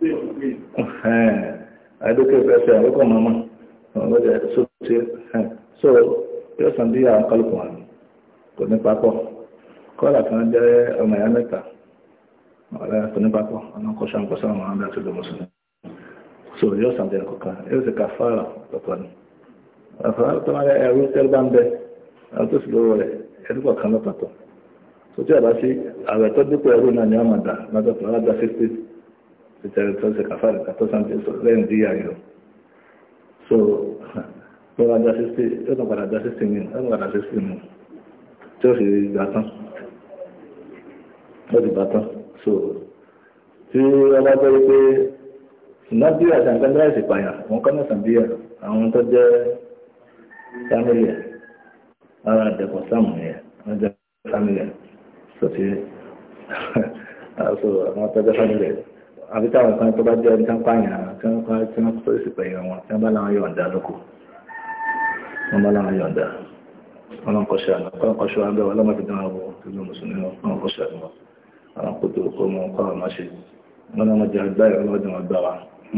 àdókè fẹsẹ̀ àkókò mọ́mọ́ ọ̀gọ́dẹ̀ sókè so yóò sàn bí àwọn kọlùkù wọn kò ní papọ̀ kọ́lá kan jẹ́ ọmọ ìyá mẹ́ta ọ̀rẹ́ kò ní papọ̀ ọ̀nà kọ́ṣọ́ àkọ́ṣọ́ àwọn ọmọ àti olùmọ̀sùn so yóò sàn bí ẹ̀kọ́ kan yóò sì kàfàrà lọ́pọ̀ ni àfàrà tó máa ẹrú tẹ́lẹ̀ bá ń bẹ àwọn tó sì lówó rẹ̀ ẹrú kọ̀ọ̀kan lọ́pàtọ̀ so tí a bá sí àwẹ̀ tó dípò ẹrú náà ni wọ́n máa dà lọ́dọ̀ ìtẹ̀rẹ̀ tó ṣe kàfà ìkà tó sáńtì lẹ́yìn tí yọ so lọ́wọ́ adásísí ẹ̀nà padà adásísí mi ẹ̀nà padà adásísí mi tí ó sì gbà tán ó sì gbà tán so tí ọba gbọ́ pé nàbíyà àti àgbàdo àìsí pààyàn wọn kọ́ náà sàbíyà àwọn tó jẹ́ fámìlì ara àdẹ̀kọ̀ sáàmù yẹn wọ́n jẹ́ fámìlì so ti <laughs> àwọn tó jẹ́ fámìlì àbí táwọn kan tó bá jẹ́ ẹni tán pààyàn tí wọ́n kọ́ tí wọ́n tó sì pẹ̀yìn wọn tí wọ́n bá láwọn yọ̀ǹda lóko wọ́n bá láwọn yọ̀ǹda ọlọ́nkọ̀ṣẹ́ àná ọlọ́nkọ̀ṣẹ́ abẹ́ ọlọ́mọdédé wọn wọ tìlú mùsùlùmí wọn ọlọ́nkọ̀ṣẹ́ àná ọlọ́nkọ̀tò kó mọ kọ́ ọmọ ṣe ọlọ́mọdé àgbá ọlọ́mọdé wọn gbà wá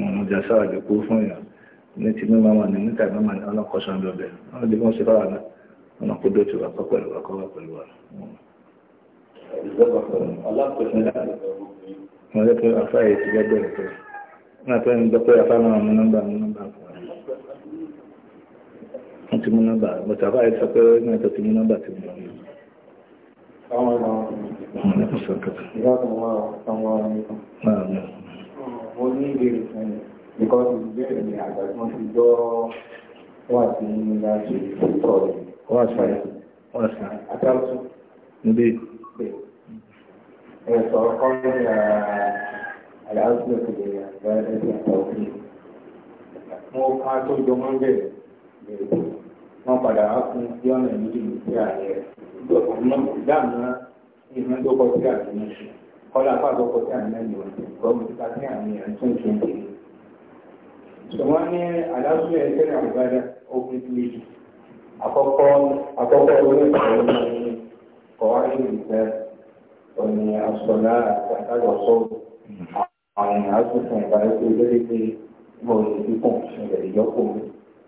ọmọdé asáwàjẹ kú fún yàn ní ti mímọ wọn ní níta mímọ ní ọlọ́nkọ̀ṣẹ́ àná ọbẹ̀ ọlọ́dé wọn ṣe fáwọn ọlọ́nkọ̀dé tí wọn lé pé afá yìí ti gbẹgbẹ rẹ pé wọn àti ẹni gbọ́ pé afá náà mú nọ́mbà mú nọ́mbà fún wa wọn ti mú nọ́mbà mo ti afá yìí sọ pé náà tó ti mú nọ́mbà ti mú nọ́mbà. because ìbéèrè mi àgbà tí wọ́n ti gbọ́ wà sí ní láti sọ̀rọ̀. Wọ́n àṣà. Wọ́n àṣà. يتوقعون العزلة لعبادة التوحيد wọ́n ká tó jọ mọ́ bẹ̀rẹ̀ wọ́n padà wá fún sí ọ̀nà méjì ní sí ààrẹ ìdáàmúná ìhun tó kọ sí àmì náà kọ́lá apá àkọ́kọ́ sí àmì náà nìwọ̀n gọ́ọ̀mù ti ká sí àmì àti tó ń tún tì í. ṣùgbọ́n òní àṣọlá àtàkàlọ sọ̀rọ̀ àwọn àṣùkùn ìbáraẹgbẹ lórí pé mo lè fi kàn ṣẹlẹ̀ ìyọkọ mi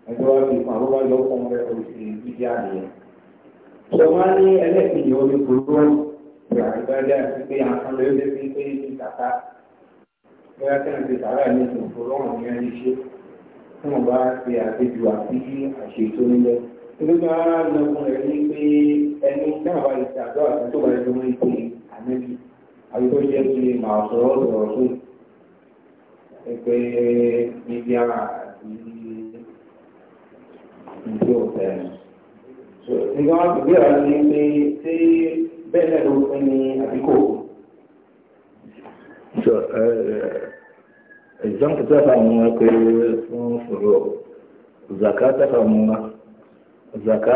ẹjọ́ wá fi kàn lọ́wọ́ yọkọ mi rẹ oṣù dídí àlẹ. sọ wá ní ẹlẹ́kìnyí omi kúrú rẹ̀ àgbàdá àti pé àkànlọ yóò lè fi pé ní kàkà bóyá kí n ti sàrà ní ìṣòro lọ́rùn ní ẹni lọ́kùnrin ní pé ẹni náà bá lè àtúntò bá lè fi méjì àbí tó jẹ́ ti màá sọ̀rọ̀ lọ̀rọ̀ tó pé níbi ara àti ìdí ọ̀fẹ́ nígbà wọn ìgbé ara ní pé tí bẹ́ẹ̀ náà ló fún ní àdíkò. Example ta samu na kai sun furo, zaka ta samu na, zaka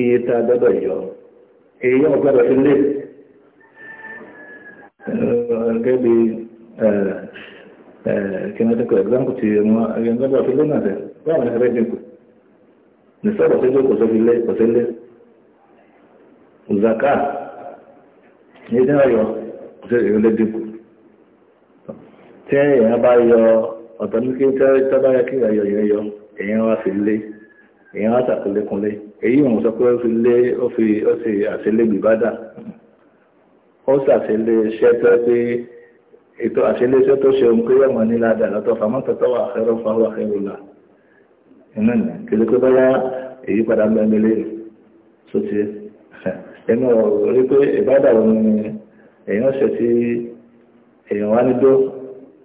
iye tá a gbọ́dọ̀ yọ èyí ọgbọ́dọ̀ ilé gẹ́gẹ́ bí kìnnàtàkọ̀ ẹ̀gbọ́nkù ti wọn ẹgbẹ́gbẹ́ ọ̀fílẹ̀ náà rẹ̀ báwọn ẹ̀fẹ́ dínkù ní sọ́rọ̀ tó jókòó sórí ilé kòtẹ́lẹ̀ zaka ní ẹjẹ́ ọ̀yọ́ kòtẹ́lẹ̀ ìrẹ́lẹ̀ dínkù tí èèyàn bá yọ ọ̀tọ̀ ní kí tẹ́rẹ́ tọ́bá yẹ kí ìyọ̀ yọ èèyàn wá fi lé èèyàn wá tàkùnlékùnlé èyí òun sọ pé ó fi lé ó fi ó sì àṣẹlé gbìbádà ó ṣàṣẹlé iṣẹ́ tó pé ètò àṣẹlé iṣẹ́ tó ṣe òun pé yọmọ ní ládàá lọ́tọ̀ fàmọtọtọ wà àfẹrọ fáwọn àfẹrọ là iná nà kìlẹ pé báyà èyí padà ń bẹmí lé sóti ẹnu rí pé ìbádà òun ni èèyàn ṣe tí èèyàn wá ní dó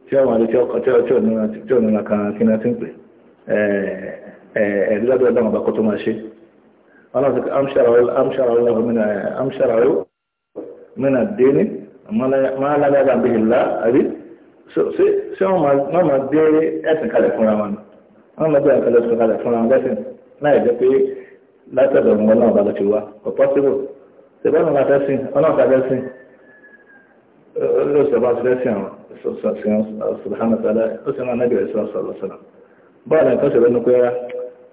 tí àwọn àdókè ọkọ tí ọjọ́ òun ní ọjọ́ òun ní ọkàn kí ni wọ́n ti ń pè ẹ ẹ ẹ lọ́dọ̀ ọ̀dọ́ àwọn àbákọ́ tó máa ṣe ọlọ́sọ̀kẹ́ amṣàràwọ̀ amṣàràwọ̀ mẹ́nà déni mọ́lágbàgbà bìhìlá àbí ṣé wọ́n máa dé ẹ̀sìn kalẹ̀ fúnra wọn wọ́n máa dé ẹ̀sìn kalẹ̀ fúnra wọn lẹ́sìn láì jẹ́ pé látọ̀dọ̀ wọn náà bá lọ ti wá kò pọ́sibò ṣèbá wọn láti ẹ̀sìn ọlọ́ọ̀ta lẹ́sìn olóòsè bá ti lẹ́sìn àwọn ṣùgbọ́n àtàlẹ́ ó sì máa nẹ́gbẹ̀ẹ́ sọ́ọ̀sọ̀ lọ́sọ̀rọ̀ bọ́ọ̀lù ẹ̀kọ́ ṣẹlẹ̀ nípa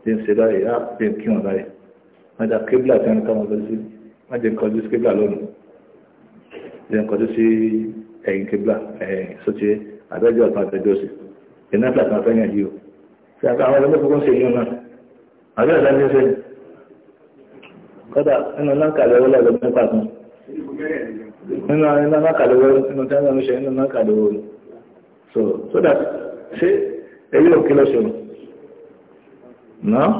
ti ń ṣe báyìí á ti ń kí wọn báyìí mẹ́ta kébìlà tí wọ́n kọ́ wọn lọ sí má jẹ́ kọjú sí kébìlà lónìí jẹ́ kọjú sí ẹ̀yìn kébìlà ẹ̀yìn sọ́tí àbẹ́jọ́ ọ̀tún àbẹ́jọ́ sí iná fìlà kan fẹ́yàn yìí o ṣe àwọn ọlọ́pàá kọ́kọ́ ṣe yún náà àbẹ́ ọ̀dà ní sẹ́yìn kọ́dà nínú nákàlẹ̀ wọlé ọ̀dọ̀ nípa kan nínú nákàlẹ̀ wọlé nínú tí wọ́n ṣe nínú nákàlẹ̀ wọlé so so that ṣé ẹ̀yìn òkè lọ́sọ̀rọ̀ náà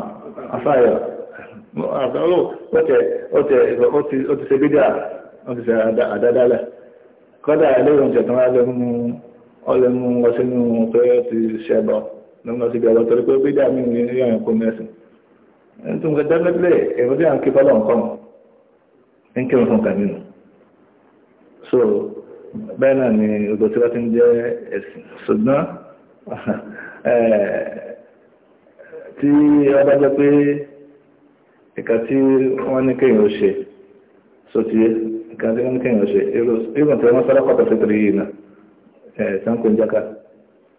àbúrò ah, ó tẹ ó ṣe ṣe ẹlẹ́rọ wá sínú pé ó ti ṣe lọ sí ibi ẹ̀bọ torí pé bídíà mi ní ilé ọ̀yàn kó ẹni tó ń gbé dẹ́gbẹ́lẹ̀ èrò bí à ń kí nǹkan ń so bẹ́ẹ̀ náà ni odò tí wọ́n ti ń jẹ́ ọba <laughs> eh, jẹ́ ìka tí wọ́n ní kéèyàn ó ṣe so ti yé ìka tí wọ́n ní kéèyàn ó ṣe irun tí wọ́n sára pàtàkì fẹ́tìrì yìí náà ẹ̀ sáńkó ń jáka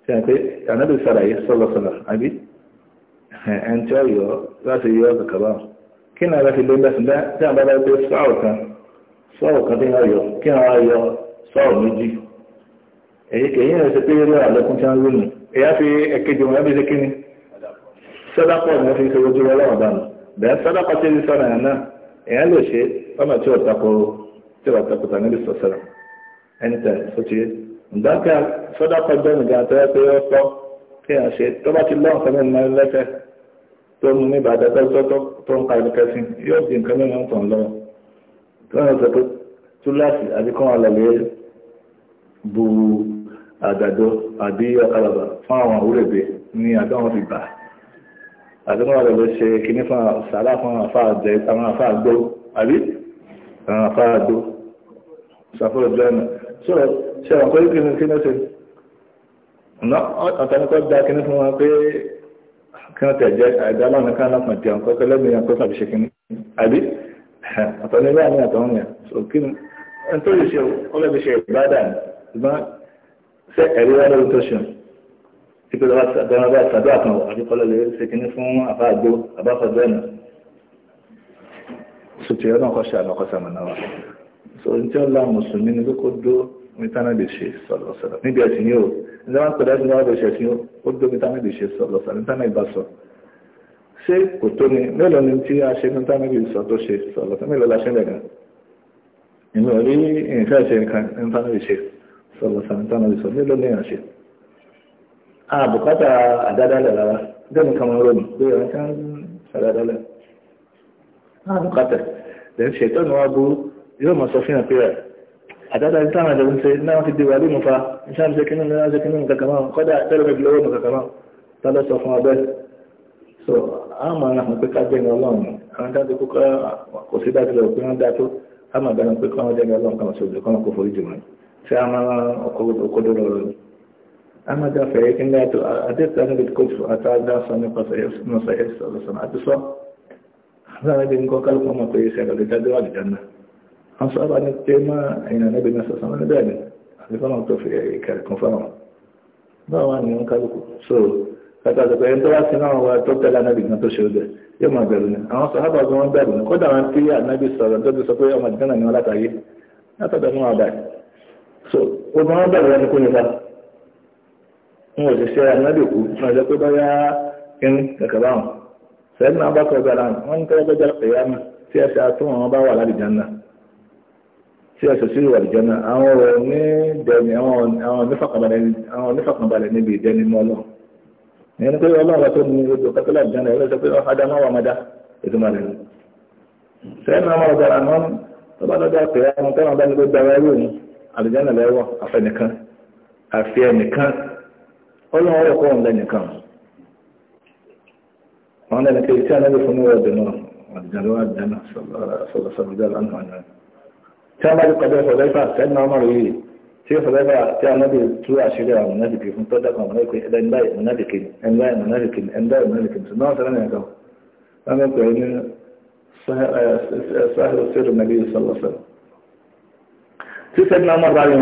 ṣe é pé ànábì sára yìí sọ́lọ́sọ́lọ́ àbí ẹn tí ó yọ láti yọ kàkà báwọn kí náà láti lé mẹ́sìn tí àwọn bá gbé sọ́ọ̀ kan sọ́ọ̀ kan tí wọ́n yọ kí wọ́n yọ sọ́ọ̀ méjì èyí kèyí náà ṣe pé ló àlékún tí wọ́n lónìí èyí á fi ẹ̀kejì wọn ẹbí ṣe kíni sọ́dápọ̀ ni wọ́n fi ṣe ojú ọlọ́run dànù bẹ́ẹ̀ sọ́dọ̀ kọ́tí ní sọ́nà yẹn náà èèyàn lè ṣe fọ́nà tí ò tako tí ò tako tà níbi sọ̀sọ̀rọ̀ ẹni tẹ̀ ó ti ǹdán kí sọ́dọ̀ kọ́ jẹ́ nìkan tó yẹ pé ó tọ́ kí a ṣe tó bá ti lọ́ọ̀ sọ́nà ìmọ̀ ẹlẹ́fẹ́ tó mú ìbàdàn tó tó tó ń ka ẹnikẹ́sìn yóò di nǹkan mẹ́rin tó ń lọ tó ń sọ pé túláàsì àbí kọ́ wọn lọ́lẹ́ bu àdàdo àbí ọ̀kadàbà fún àwọn òwúrẹ̀bẹ ní àdáwọn fi àtúnwà rẹ̀ lọ ṣe kìíní fún sàárà fún àwọn àfáàgbó àbí àwọn àfáàgbó sàfúrò jọ́nà sọ̀rọ̀ ṣe àwọn kọ́ kìíní kìíní ṣe ọ̀tàníkọ́ da kìíní fún wọn pé kí wọ́n tẹ̀ jẹ́ àìdá lọ́nà ká náà pàtẹ àwọn kọ́kọ́ lẹ́gbẹ̀ẹ́ yẹn kó tàbí ṣe kìíní àbí ọ̀tàníkọ́ àmì àtọ̀hún so kìíní ẹni tó yìí ṣe ọlọ́bí ṣe ìbádà ṣe tí pé lọ́wọ́ bá ṣàdó àkànwọ̀ àdékọ́lọ́ lè ṣe kínní fún àbá àgbó àbá fọ̀dọ́ ẹ̀nà sùtì ọ̀nà kọ́ṣà àlọ́kọ́ṣà mọ̀nà wa so n tí ó la mùsùlùmí ni kókó dó mítánà lè ṣe sọ̀rọ̀ sọ̀rọ̀ níbi ẹ̀sìn ni ó ní wọ́n pẹ̀lú ẹ̀sìn lọ́wọ́ ṣe ẹ̀sìn ó dó mítánà lè ṣe sọ̀rọ̀ sọ̀rọ̀ mítánà ìbá sọ ṣé kò tó ni mélòó ni tí a ṣe mítánà lè sọ tó ṣe sọ̀rọ̀ sọ̀rọ̀ mélòó la ṣe lẹ̀ a bùkátà àdádálẹ̀ rárá dẹ́nu kamaroni pé wọ́n ká ń sàdádálẹ̀ a bùkátà lẹ́nu ṣètò ní wọ́n burú yóò mọ̀ sọ fún àpẹ́ rẹ̀ àdádálẹ̀ táwọn ẹ̀dọ̀ ń ṣe náà ti di wà lónìí fa iṣẹ́ àmì ṣẹ́kínú ní wọ́n ṣẹ́kínú ní kàkàmá kọ́dà tẹ́lẹ̀ mẹ́bí lọ́wọ́ ní kàkàmá tá lọ so a máa ń hàn pé ká jẹ́ ọlọ́run àwọn dájú kókó kò sí dájú lọ pé wọ́n dá tó a máa dáná pé káwọn jẹ́ ọlọ́run káwọn ṣe òjò káwọn kò forí a máa ń ọkọ̀ Ama أما دافع يمكن لا أدت أنا بالكفر أتعد دافع نصيح صلى الله zana din ko kalko ma ko yesa da ta dawa janna an sa ba ne tema ina nabi na sallallahu alaihi wasallam da kuma to fi kar kon fara ba wa ne kan ko so kata da ko yanto wasu na wa to tala nabi na to shode ya ma garu ne an sa ba zo da ne ko da an fi ya nabi sallallahu alaihi wasallam ya ma janna ne wala ta yi na ta da ma da so ko ma da ne ko ne ba wọn ò sì ṣe ànábì kú wọn àti pé báyá irin kẹ̀kẹ́ báwọn sẹ́yìn náà bá kọ́ ẹgbẹ́ ara wọn ní tẹ́lẹ̀ gbẹ́jà pẹ̀lú àmà tí ẹ̀ṣẹ̀ àtún wọn bá wà lálìjá náà tí ẹ̀ṣẹ̀ sí wà lálìjá náà àwọn ò ní dẹ̀ni àwọn onífàkànbalẹ̀ níbi ìdẹni mọ́ ni pé ọlọ́run bá tó ní odò kẹ́kẹ́ lálìjá náà ẹ̀rọ sọ pé adamá wà mọ́dá ètò máa lẹ́nu. sẹ́yìn náà bá kọ́ ẹgbẹ́ tó bá lọ́jà pẹ̀lú àwọn tẹ́wọ̀n bá ní ọlọ́run ọkọ̀ ọ̀hún lẹ́nìkan wọn lẹ́nu pé tí anábì fún wọn ọdún náà àdìjàlọ́ àdìjàlọ́ sọ̀rọ̀sọ̀rọ̀dà lánàá náà tí a bá ti kọjá ìfọ̀lẹ́fà sẹ́nu ọmọ rẹ̀ yìí tí ìfọ̀lẹ́fà tí anábì tú àṣírí àwọn mọ̀nàdìkì fún tọ́jà kan mọ̀nàdìkì ẹ̀dáì mọ̀nàdìkì ẹ̀dáì mọ̀nàdìkì ẹ̀dáì mọ̀nàdìkì ṣùgbọ́n sẹ́nu ẹ̀dọ́ wọn lẹ́nu pé ní sáhìrì sẹ́rù nàbí sọ̀rọ̀sọ̀rọ̀ tí sẹ́nu ọmọ rẹ̀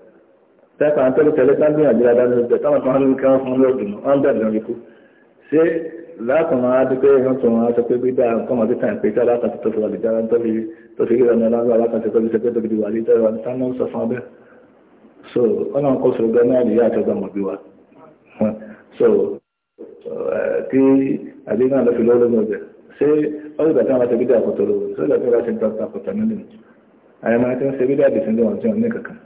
sẹ́kọ̀ọ́ àwọn tẹ́lẹ̀ tẹ́lẹ̀ tán gbìyànjú dáadáa ní ọjọ́ táwọn kan ń kán fún lọ́dún wọn bẹ̀rẹ̀ lórí ikú ṣé látọ̀mọ́ adúpẹ́ ìhàn tó wọn aṣọ pé gbígbà nǹkan mọ̀ títà ìpè tí alákàtí tó fi wà lè dára tó fi tó fi ríra ní ọlọ́run alákàtí tó fi ṣe pé tó so ọlọ́run kó sọ gbẹ náà nìyá àtọ́gbà mọ̀ bí wa so kí àbí náà lọ fi lọ́wọ́ lórí ọbẹ̀ ṣé ọlọ́gbà tí wọn ṣe gbígbà àkọ́tọ̀ tí wọn ṣe gbígbà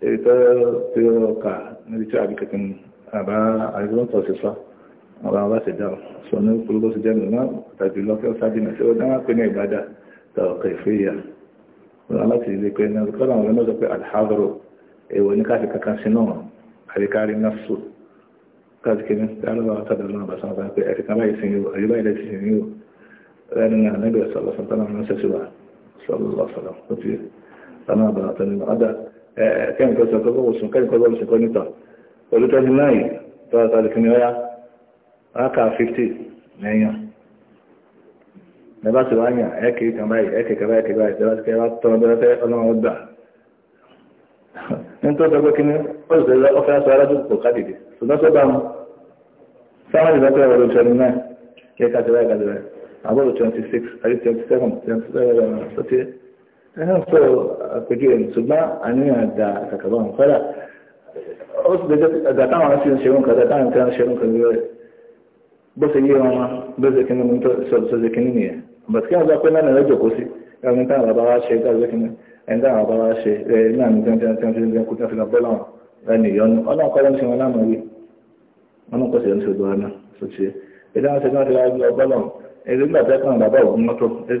ètò tí ó kà níbi tí àbí kẹkẹ àbá àríwọ́tọ̀ sí sọ àwọn àwọn àṣẹjá sọ ní polówó sí jẹ́nu náà tàbí lọ́fẹ́ sábìnà tí ó dáwà pé ní ìbádà tọ̀ọ̀kẹ́ ìfẹ́yà láti ilé pé náà kọ́lá àwọn ọlọ́dọ̀ pé alhazaro èèwọ̀ ní káàkiri kankan sí náà àríkárí náfsù káàkiri tààlọ́wọ́ àtàdà náà bá sáwọn bá pé ẹ̀ríkà báyìí sí yóò àríwá ilẹ̀ sí yóò lẹ́nu náà nígbà sọ̀lọ́sọ̀tàn náà sẹ́sùwà sọ̀lọ́sọ̀lọ́ kẹ́mìkọ́ sọ kọ́kọ́ wò sùn kẹ́mìkọ́ lọ́wọ́ sùn kọ́ nítọ̀ pẹ̀lú 29 tọ́wọ́ tàbí kìnnì ọ̀yá áàkà 50 lẹ́yìn lẹ́bàá sì wá yàn ẹ́kì kan báyìí ẹ́kì kan báyìí kìbáyìí lẹ́bàá sì kẹ́wàá tọ́ ọdún fẹ́ ọlọ́run ọgbà ní tó dọ́gbọ́ kìnnì ó sì lọ ọfẹ́ aṣọ arájú kò kádìdì ṣùgbọ́n tó bá mu sáwọn ìdájọ́ ẹ̀rọ 29 kí ẹ kàtìláì kàtìláì àbọ̀rọ̀ 26 àti 27 27 30 ẹ̀nà sọ àpèjú ẹ̀ ṣùgbọ́n àníyàn àgbà àtàkàbọ̀ nǹkan ó sì dẹjọ́ àgbà táwọn sì ń ṣe nǹkan àgbà táwọn kan ń ṣe nǹkan bí rẹ̀ bó ṣe yé wọn bó ṣe kíní tó sọ ṣe kíní nìyẹn bàtí kí wọ́n sọ pé náà lọ́jọ́ kó sí ẹni táwọn bàbá wa ṣe gáàzó kíní ẹni táwọn bàbá wa ṣe ẹ náà ní tẹ́ntẹ́n tẹ́ntẹ́n tẹ́ntẹ́n kú tẹ́ntẹ́n fi lọ bọ́ láwọn ẹni ìyọnu ọlọ́run kọ́ ló ń ṣe wọn láàmú yìí wọn kọ́ sí ẹni ṣe gbọ́n náà ṣe ṣe ẹ̀dá wọn ṣe náà ti wá gbọ́ bọ́lọ̀ ẹ̀rí gbàgbẹ́ kan bàbá òun mọ́tò ẹ̀rí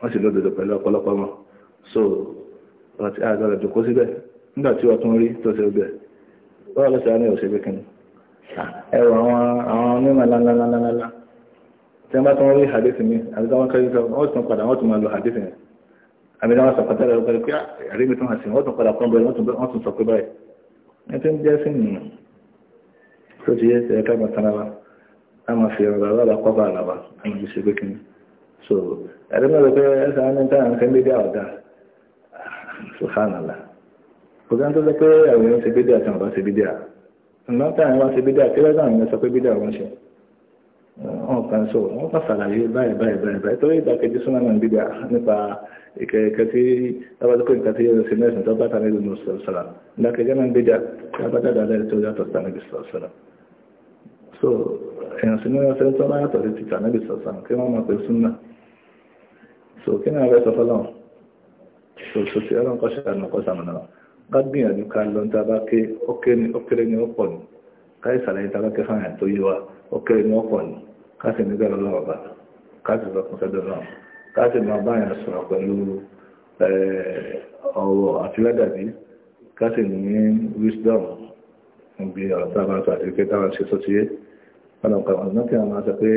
wọ́n sì lódodo pẹ̀lú ọ̀pọ̀lọpọ̀ wọn so àti àgbàrà jòkó síbẹ̀ nígbà tí wọ́n tún rí tó ṣe bẹ̀ wọ́n lọ sí àárín òṣèlú kìnnì ẹwọ àwọn àwọn onímọ̀ lánlánlánlá tí wọ́n bá tún rí hadith mi àbí táwọn kẹ́yìn sọ wọ́n tún padà wọ́n tún máa lo hadith yẹn àbí táwọn sọ pátá rẹ̀ pẹ̀lú pé ah, àrí mi tún hàn sí wọ́n tún padà pọ́n bẹ́ẹ̀ wọ́n tún sọ pé báyìí ẹ ti so ẹ̀rẹ́mẹ́rẹ́ pé ẹ̀sà á ní tá à ń sẹ́ bídíà ọ̀dà sùhánàlá kò sáà tó sọ pé àwọn èèyàn ṣe bídíà tí wọ́n bá ṣe bídíà ǹgbọ́n tá à ń wá ṣe bídíà kí lẹ́sà àwọn èèyàn sọ pé bídíà wọ́n ṣe wọn kàn sọ wọn kàn ṣàlàyé báyìí báyìí báyìí báyìí torí ìdàkejì súnmọ́ náà bídíà nípa ìkẹ̀kẹ́ tí lábàtúkọ̀ nǹkan tí so èèyàn sí ní ọ̀sán tó máa yàtọ̀ sí tàníbi sọ̀rọ̀ kí so kí náà rẹ̀ sọ fọ́lọ́n so so sí ọlọ́n kọ́ṣẹ́ àmì ọkọ́ṣẹ́ àmì náà ká gbìyànjú ká lọ ní tàbá ké ó kéré ní ọ̀pọ̀ ni ká ìsàlẹ̀ tàbá ké fáyà tó yíwa ó kéré ní ọ̀pọ̀ ni ká sì nígbà lọ́wọ́ bá ká sì lọ kúnṣẹ́ dọ́nà ká sì máa bá yàn sọ̀rọ̀ wisdom níbi ọ̀rọ̀ tàbá tó àti pé ọ̀nàkà máa sọ pé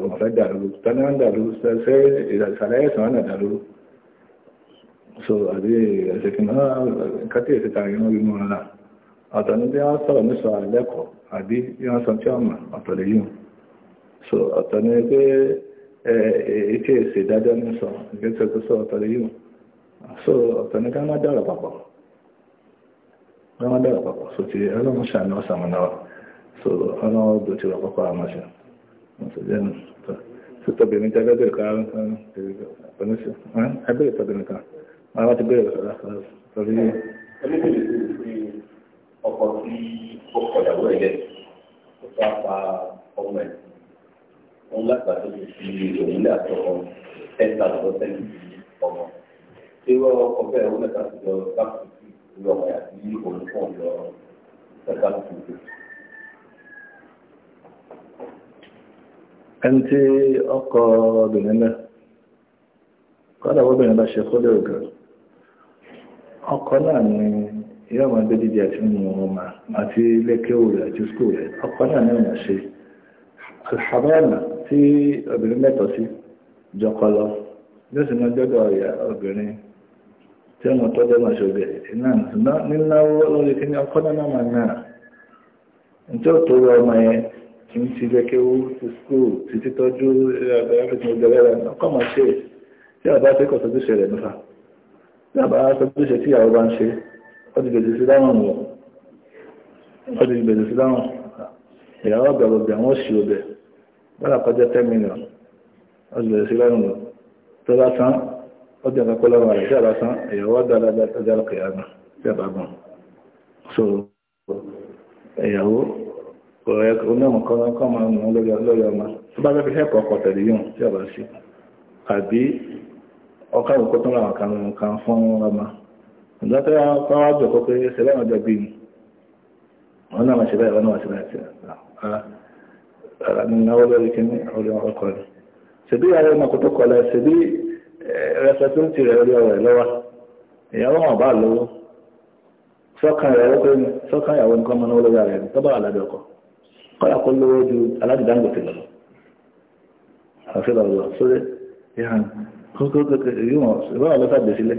wọ́n fẹ́ dàlúrú tánà ń dàlúrú fẹ́ ìsàlẹ̀ ẹ̀sàn ánà dàlúrú so àbí ẹ̀sẹ̀kìnà kàtí ìsẹ̀ta ìran rí mọ́ ọ̀la ọ̀tọ̀ ní bí wọ́n sọ̀rọ̀ ní sọ àlẹ́kọ̀ọ́ àbí bí wọ́n sọ tí ọmọ ọ̀tọ̀ lè yùn so ọ̀tọ̀ ní pé ètí èsì ìdájọ́ ní sọ ìgbésẹ̀ tó sọ ọ̀tọ̀ lè yùn so ọ̀tọ̀ ní ká má dọ̀rọ̀ papọ̀ ká má dọ̀rọ̀ papọ̀ so ti ẹlọ́mọṣà ní ọ̀sàmọ̀nà wa so ọlọ́wọ́ bó ti wà kọ́kọ́ àmọ́ṣà sọ́tọ̀bìnrin tí agbẹ́bẹ̀rẹ̀ kan agbẹ́bẹ̀rẹ̀ tọ́bìnrin kan máa wá ti bẹ̀rẹ̀ lọ́rí ọkọ̀ tí ó kọ̀yàwó ẹ̀lẹ́ ó bá pa ọmọ ẹ̀ òun lágbà tó ti fi òun lé àtọkọ ẹ̀ta lọ́wọ́ tẹ́lẹ̀ ọmọ tí wọ́n ọkọ̀ bẹ́ẹ̀ ó mẹ́ta ti lọ bá kùtù lọ́wọ́ àti òun fún ọ̀dọ́ ẹ̀ta lọ́wọ́ ẹni tí ọkọ̀ obìnrin náà kọ́dà obìnrin bá ṣe kólé ògà ọkọ̀ náà ni ìyá ọmọ ẹgbẹ́ jíjẹ àti mímu ọmọ àti lẹ́kẹ́wò rẹ̀ àti skul rẹ̀ ọkọ̀ náà ni wọ́n ṣe alhamdulilah tí obìnrin mẹ́tọ̀ sí jọkọ lọ yóò sì máa jọ́dọ̀ ìyá obìnrin tí ọmọ tọ́jọ́ náà ṣe obìnrin náà nínáwó lórí kí ni ọkọ̀ náà máa náà nítorí ọmọ yẹn kì í ti jẹ́ kí ó ti skúl ti títọ́jú ìyàwó ọ̀gbẹ̀gbẹ̀ wọ́n sí ọbẹ̀ wọ́n àkọjẹ́ 10 million ọjọ́ sí lọ́rùn lọ tó lásán ọjọ́ ìrìnkọ́ lọ́rùn rẹ̀ sí àlásán ìyàwó dáadáa ọjọ́ ìrìnkọ̀ ìyàgbọ̀n sí àbágbọ̀n so ìyàwó kò ẹ onímọ̀ kọ́ máa nù ọmọ tó bá fẹ́ fi ọkọ̀ tẹ̀lé yóò tí ọba ṣe àbí tó ràn kan kan fún ọmọ pé ṣẹlẹ̀ ọjọ́ wọn náà ṣẹlẹ̀ náà ṣẹlẹ̀ rẹ̀ ìyàwó tó kọ́lá kó lówó ju aláàjì Dangote lọ àfihàn lọ sórí ìhàn kókókókó èyí wọn ìbára lọ sábẹ sílẹ̀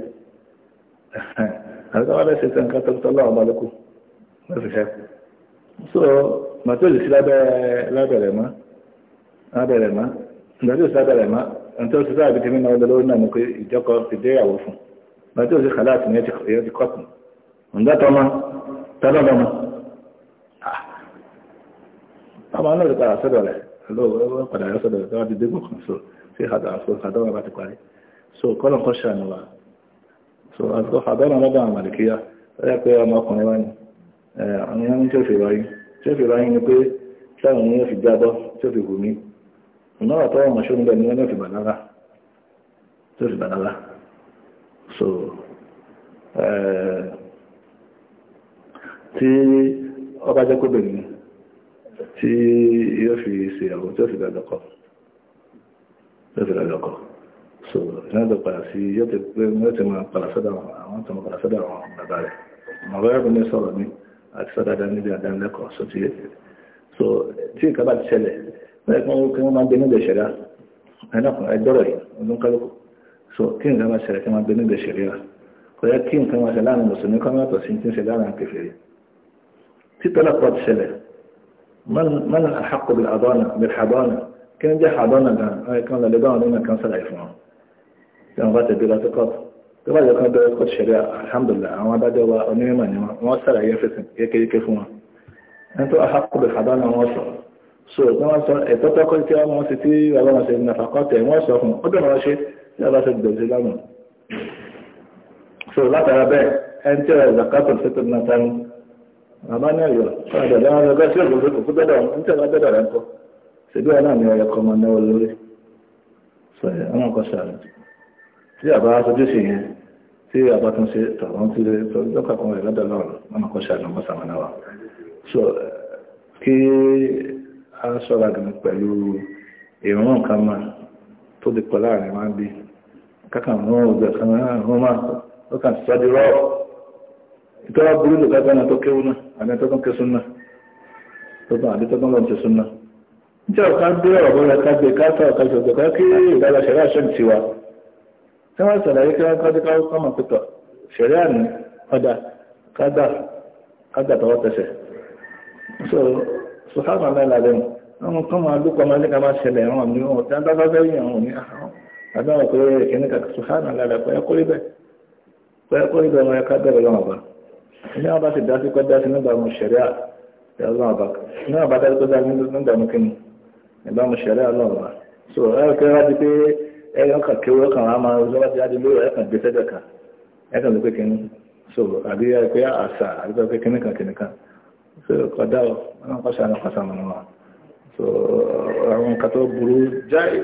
àti káwọn ẹsẹ sẹńkà tọkítọ láwọn balẹkù wọn fi ṣẹkù so màtí òlì sí lábẹrẹ mọ lábẹrẹ mọ ìgbà tí òsì lábẹrẹ mọ ntẹ kàláàtì ni ẹ ti kọtù ǹdọ́tọ́ mọ àwọn náà lè padà sọ́dọ̀ rẹ̀ lọ́wọ́ padà yọ sọ́dọ̀ rẹ̀ tó wá ti dégbò kan so sí àdàwọ̀ so àdàwọ̀ bá ti parí so kọ́lọ̀ kọ́ ṣàánú wa so àtúkọ́ àdàwọ̀ lọ́dọ̀ àwọn àlèkíyà ó yẹ pé ọmọkùnrin wá ní àwọn yẹn ní tí ó fi ráyé tí ó fi ráyé ni pé táwọn yẹn fi jábọ́ tí ó fi hù mí ìnáwó àtọwọ́ ọmọṣẹ́ níbẹ̀ ni wọ́n fi bàdára ọba jẹ́ kó bẹ̀rẹ̀ tí yóò fi ṣe àwọn tí ó fi dàdọ̀kọ̀ yóò fi dàdọ̀kọ̀ so ìrìnàjò padà sí yóò ti pé yóò ti máa padà sọ́dọ̀ àwọn tó máa padà sọ́dọ̀ àwọn bàbá rẹ̀ màbá yóò ní sọ̀rọ̀ ní àti sọ́dọ̀ adá àdánilẹ́kọ̀ọ́ so ti so tí ìka bá ti ṣẹlẹ̀ lẹ́yìn kí wọ́n máa gbé níbi ìṣẹ̀dá so kí nǹkan máa ṣẹlẹ̀ kí wọ́n máa gbé níbi ìṣẹ̀dá kò yẹ kí nǹkan máa ṣẹlẹ̀ láàrin mùsùlùmí kọ́ mọ́tò sí ti ń títọ́lọ́pọ̀ ti ṣẹlẹ̀ من من الأحق بالأضانة بالحضانة كان جاء حضانة آه، كان كان لدان هنا كان سلعي فهم كان غات بلا تقط تبغى كان بلا يقط شريعة الحمد لله أما بعد الله أني ما نما ما سلعي يفسن يكيد كيفهم أنتم أحق بالحضانة ما وصل سو كما صار اتطاق الكلام ما ستي ولا ما سيدنا نفقات ما وصلهم قد ما شيء لا بس الدجلان سو لا ترى به أنت زكاة الفطر نتاني bàbá náà yọ fáadà bá wọn lọ sí ògbógbó kò fún gbọ́dọ̀ ń tẹ̀lé gbọ́dọ̀ rẹ̀ ń kọ́ ṣèbí kọ́ ọmọ náà lórí sàrẹ̀ tí àbá aṣojú sí yẹn tí àbá tún ṣe tọ̀wọ́n tí lè tọ́ lọ́kà kan rẹ̀ lọ́dọ̀ lọ́rọ̀ sàrẹ̀ ọmọ so kí a gan pẹ̀lú kan máa tó láàrin bí ọgbẹ̀ kan ìtọ́wà burú lè lágbà náà tó kéwú náà àmì ẹ̀tọ́tọ́ ké súnná tọ́tọ́ àbí tọ́tọ́ lọ ti súnná níjẹ́ ọ̀ká gbé ọ̀rọ̀ bọ́lá ká gbé ká sọ̀rọ̀ ká jọ̀gbọ̀ ká kí ìdára ṣẹ̀rẹ́ àṣẹ ti wa tí wọ́n sàlàyé kí wọ́n kọ́dí káwọ́ kọ́mọ̀ pẹ̀tọ̀ ṣẹ̀rẹ́ àní ọ̀dà kádà kádà tọwọ́ tẹsẹ̀ so sùhánà mẹ́la lẹ́nu àwọn kan máa lókọ máa ní ká máa ṣẹlẹ̀ àwọn àmì wọn tí wọ́n bá bá fẹ́ yìn àwọn òní àwọn àbí àwọn pé kìnnìkan sùhánà lára pé ẹkọ́ ibẹ̀ pé ẹkọ́ ibẹ̀ wọn ẹka bẹ̀rẹ̀ lọ́wọ́ ní wọn bá ti dá sí kọ́ sí nígbà mu ṣẹ̀ríà ẹ̀ ọlọ́run ọba ní wọn bá dá sí kọ́ dá sí nígbà mu kíni nígbà mu ṣẹ̀ríà so ẹ kẹ́ wá di pé ẹ̀yọ́ kan kéwú ẹ̀ kan máa ń sọ́wọ́ ti á di lórí ẹ̀ kan gbé sẹ́jọ̀ kan ẹ̀ ló pé kíni so àbí ẹ pé àṣà àbí pé kíní kan kíní kan so kọjá ọ wọn kọ́ sànù kọ́ sànù wọn so àwọn kan tó burú jáì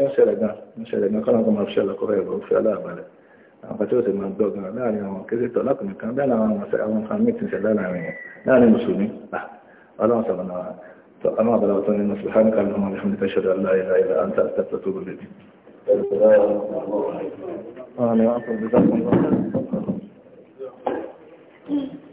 ń ṣẹlẹ̀ gan ń ṣẹlẹ̀ gan kọ́ àwọn tí ó sì máa gbọ́gàn láàrin àwọn kérésìtọ̀ lákùnrin kan bẹ́ẹ̀ láwọn àwọn fàmí ti ṣẹlẹ̀ láàrin yẹn mùsùlùmí ọlọ́run sọ̀rọ̀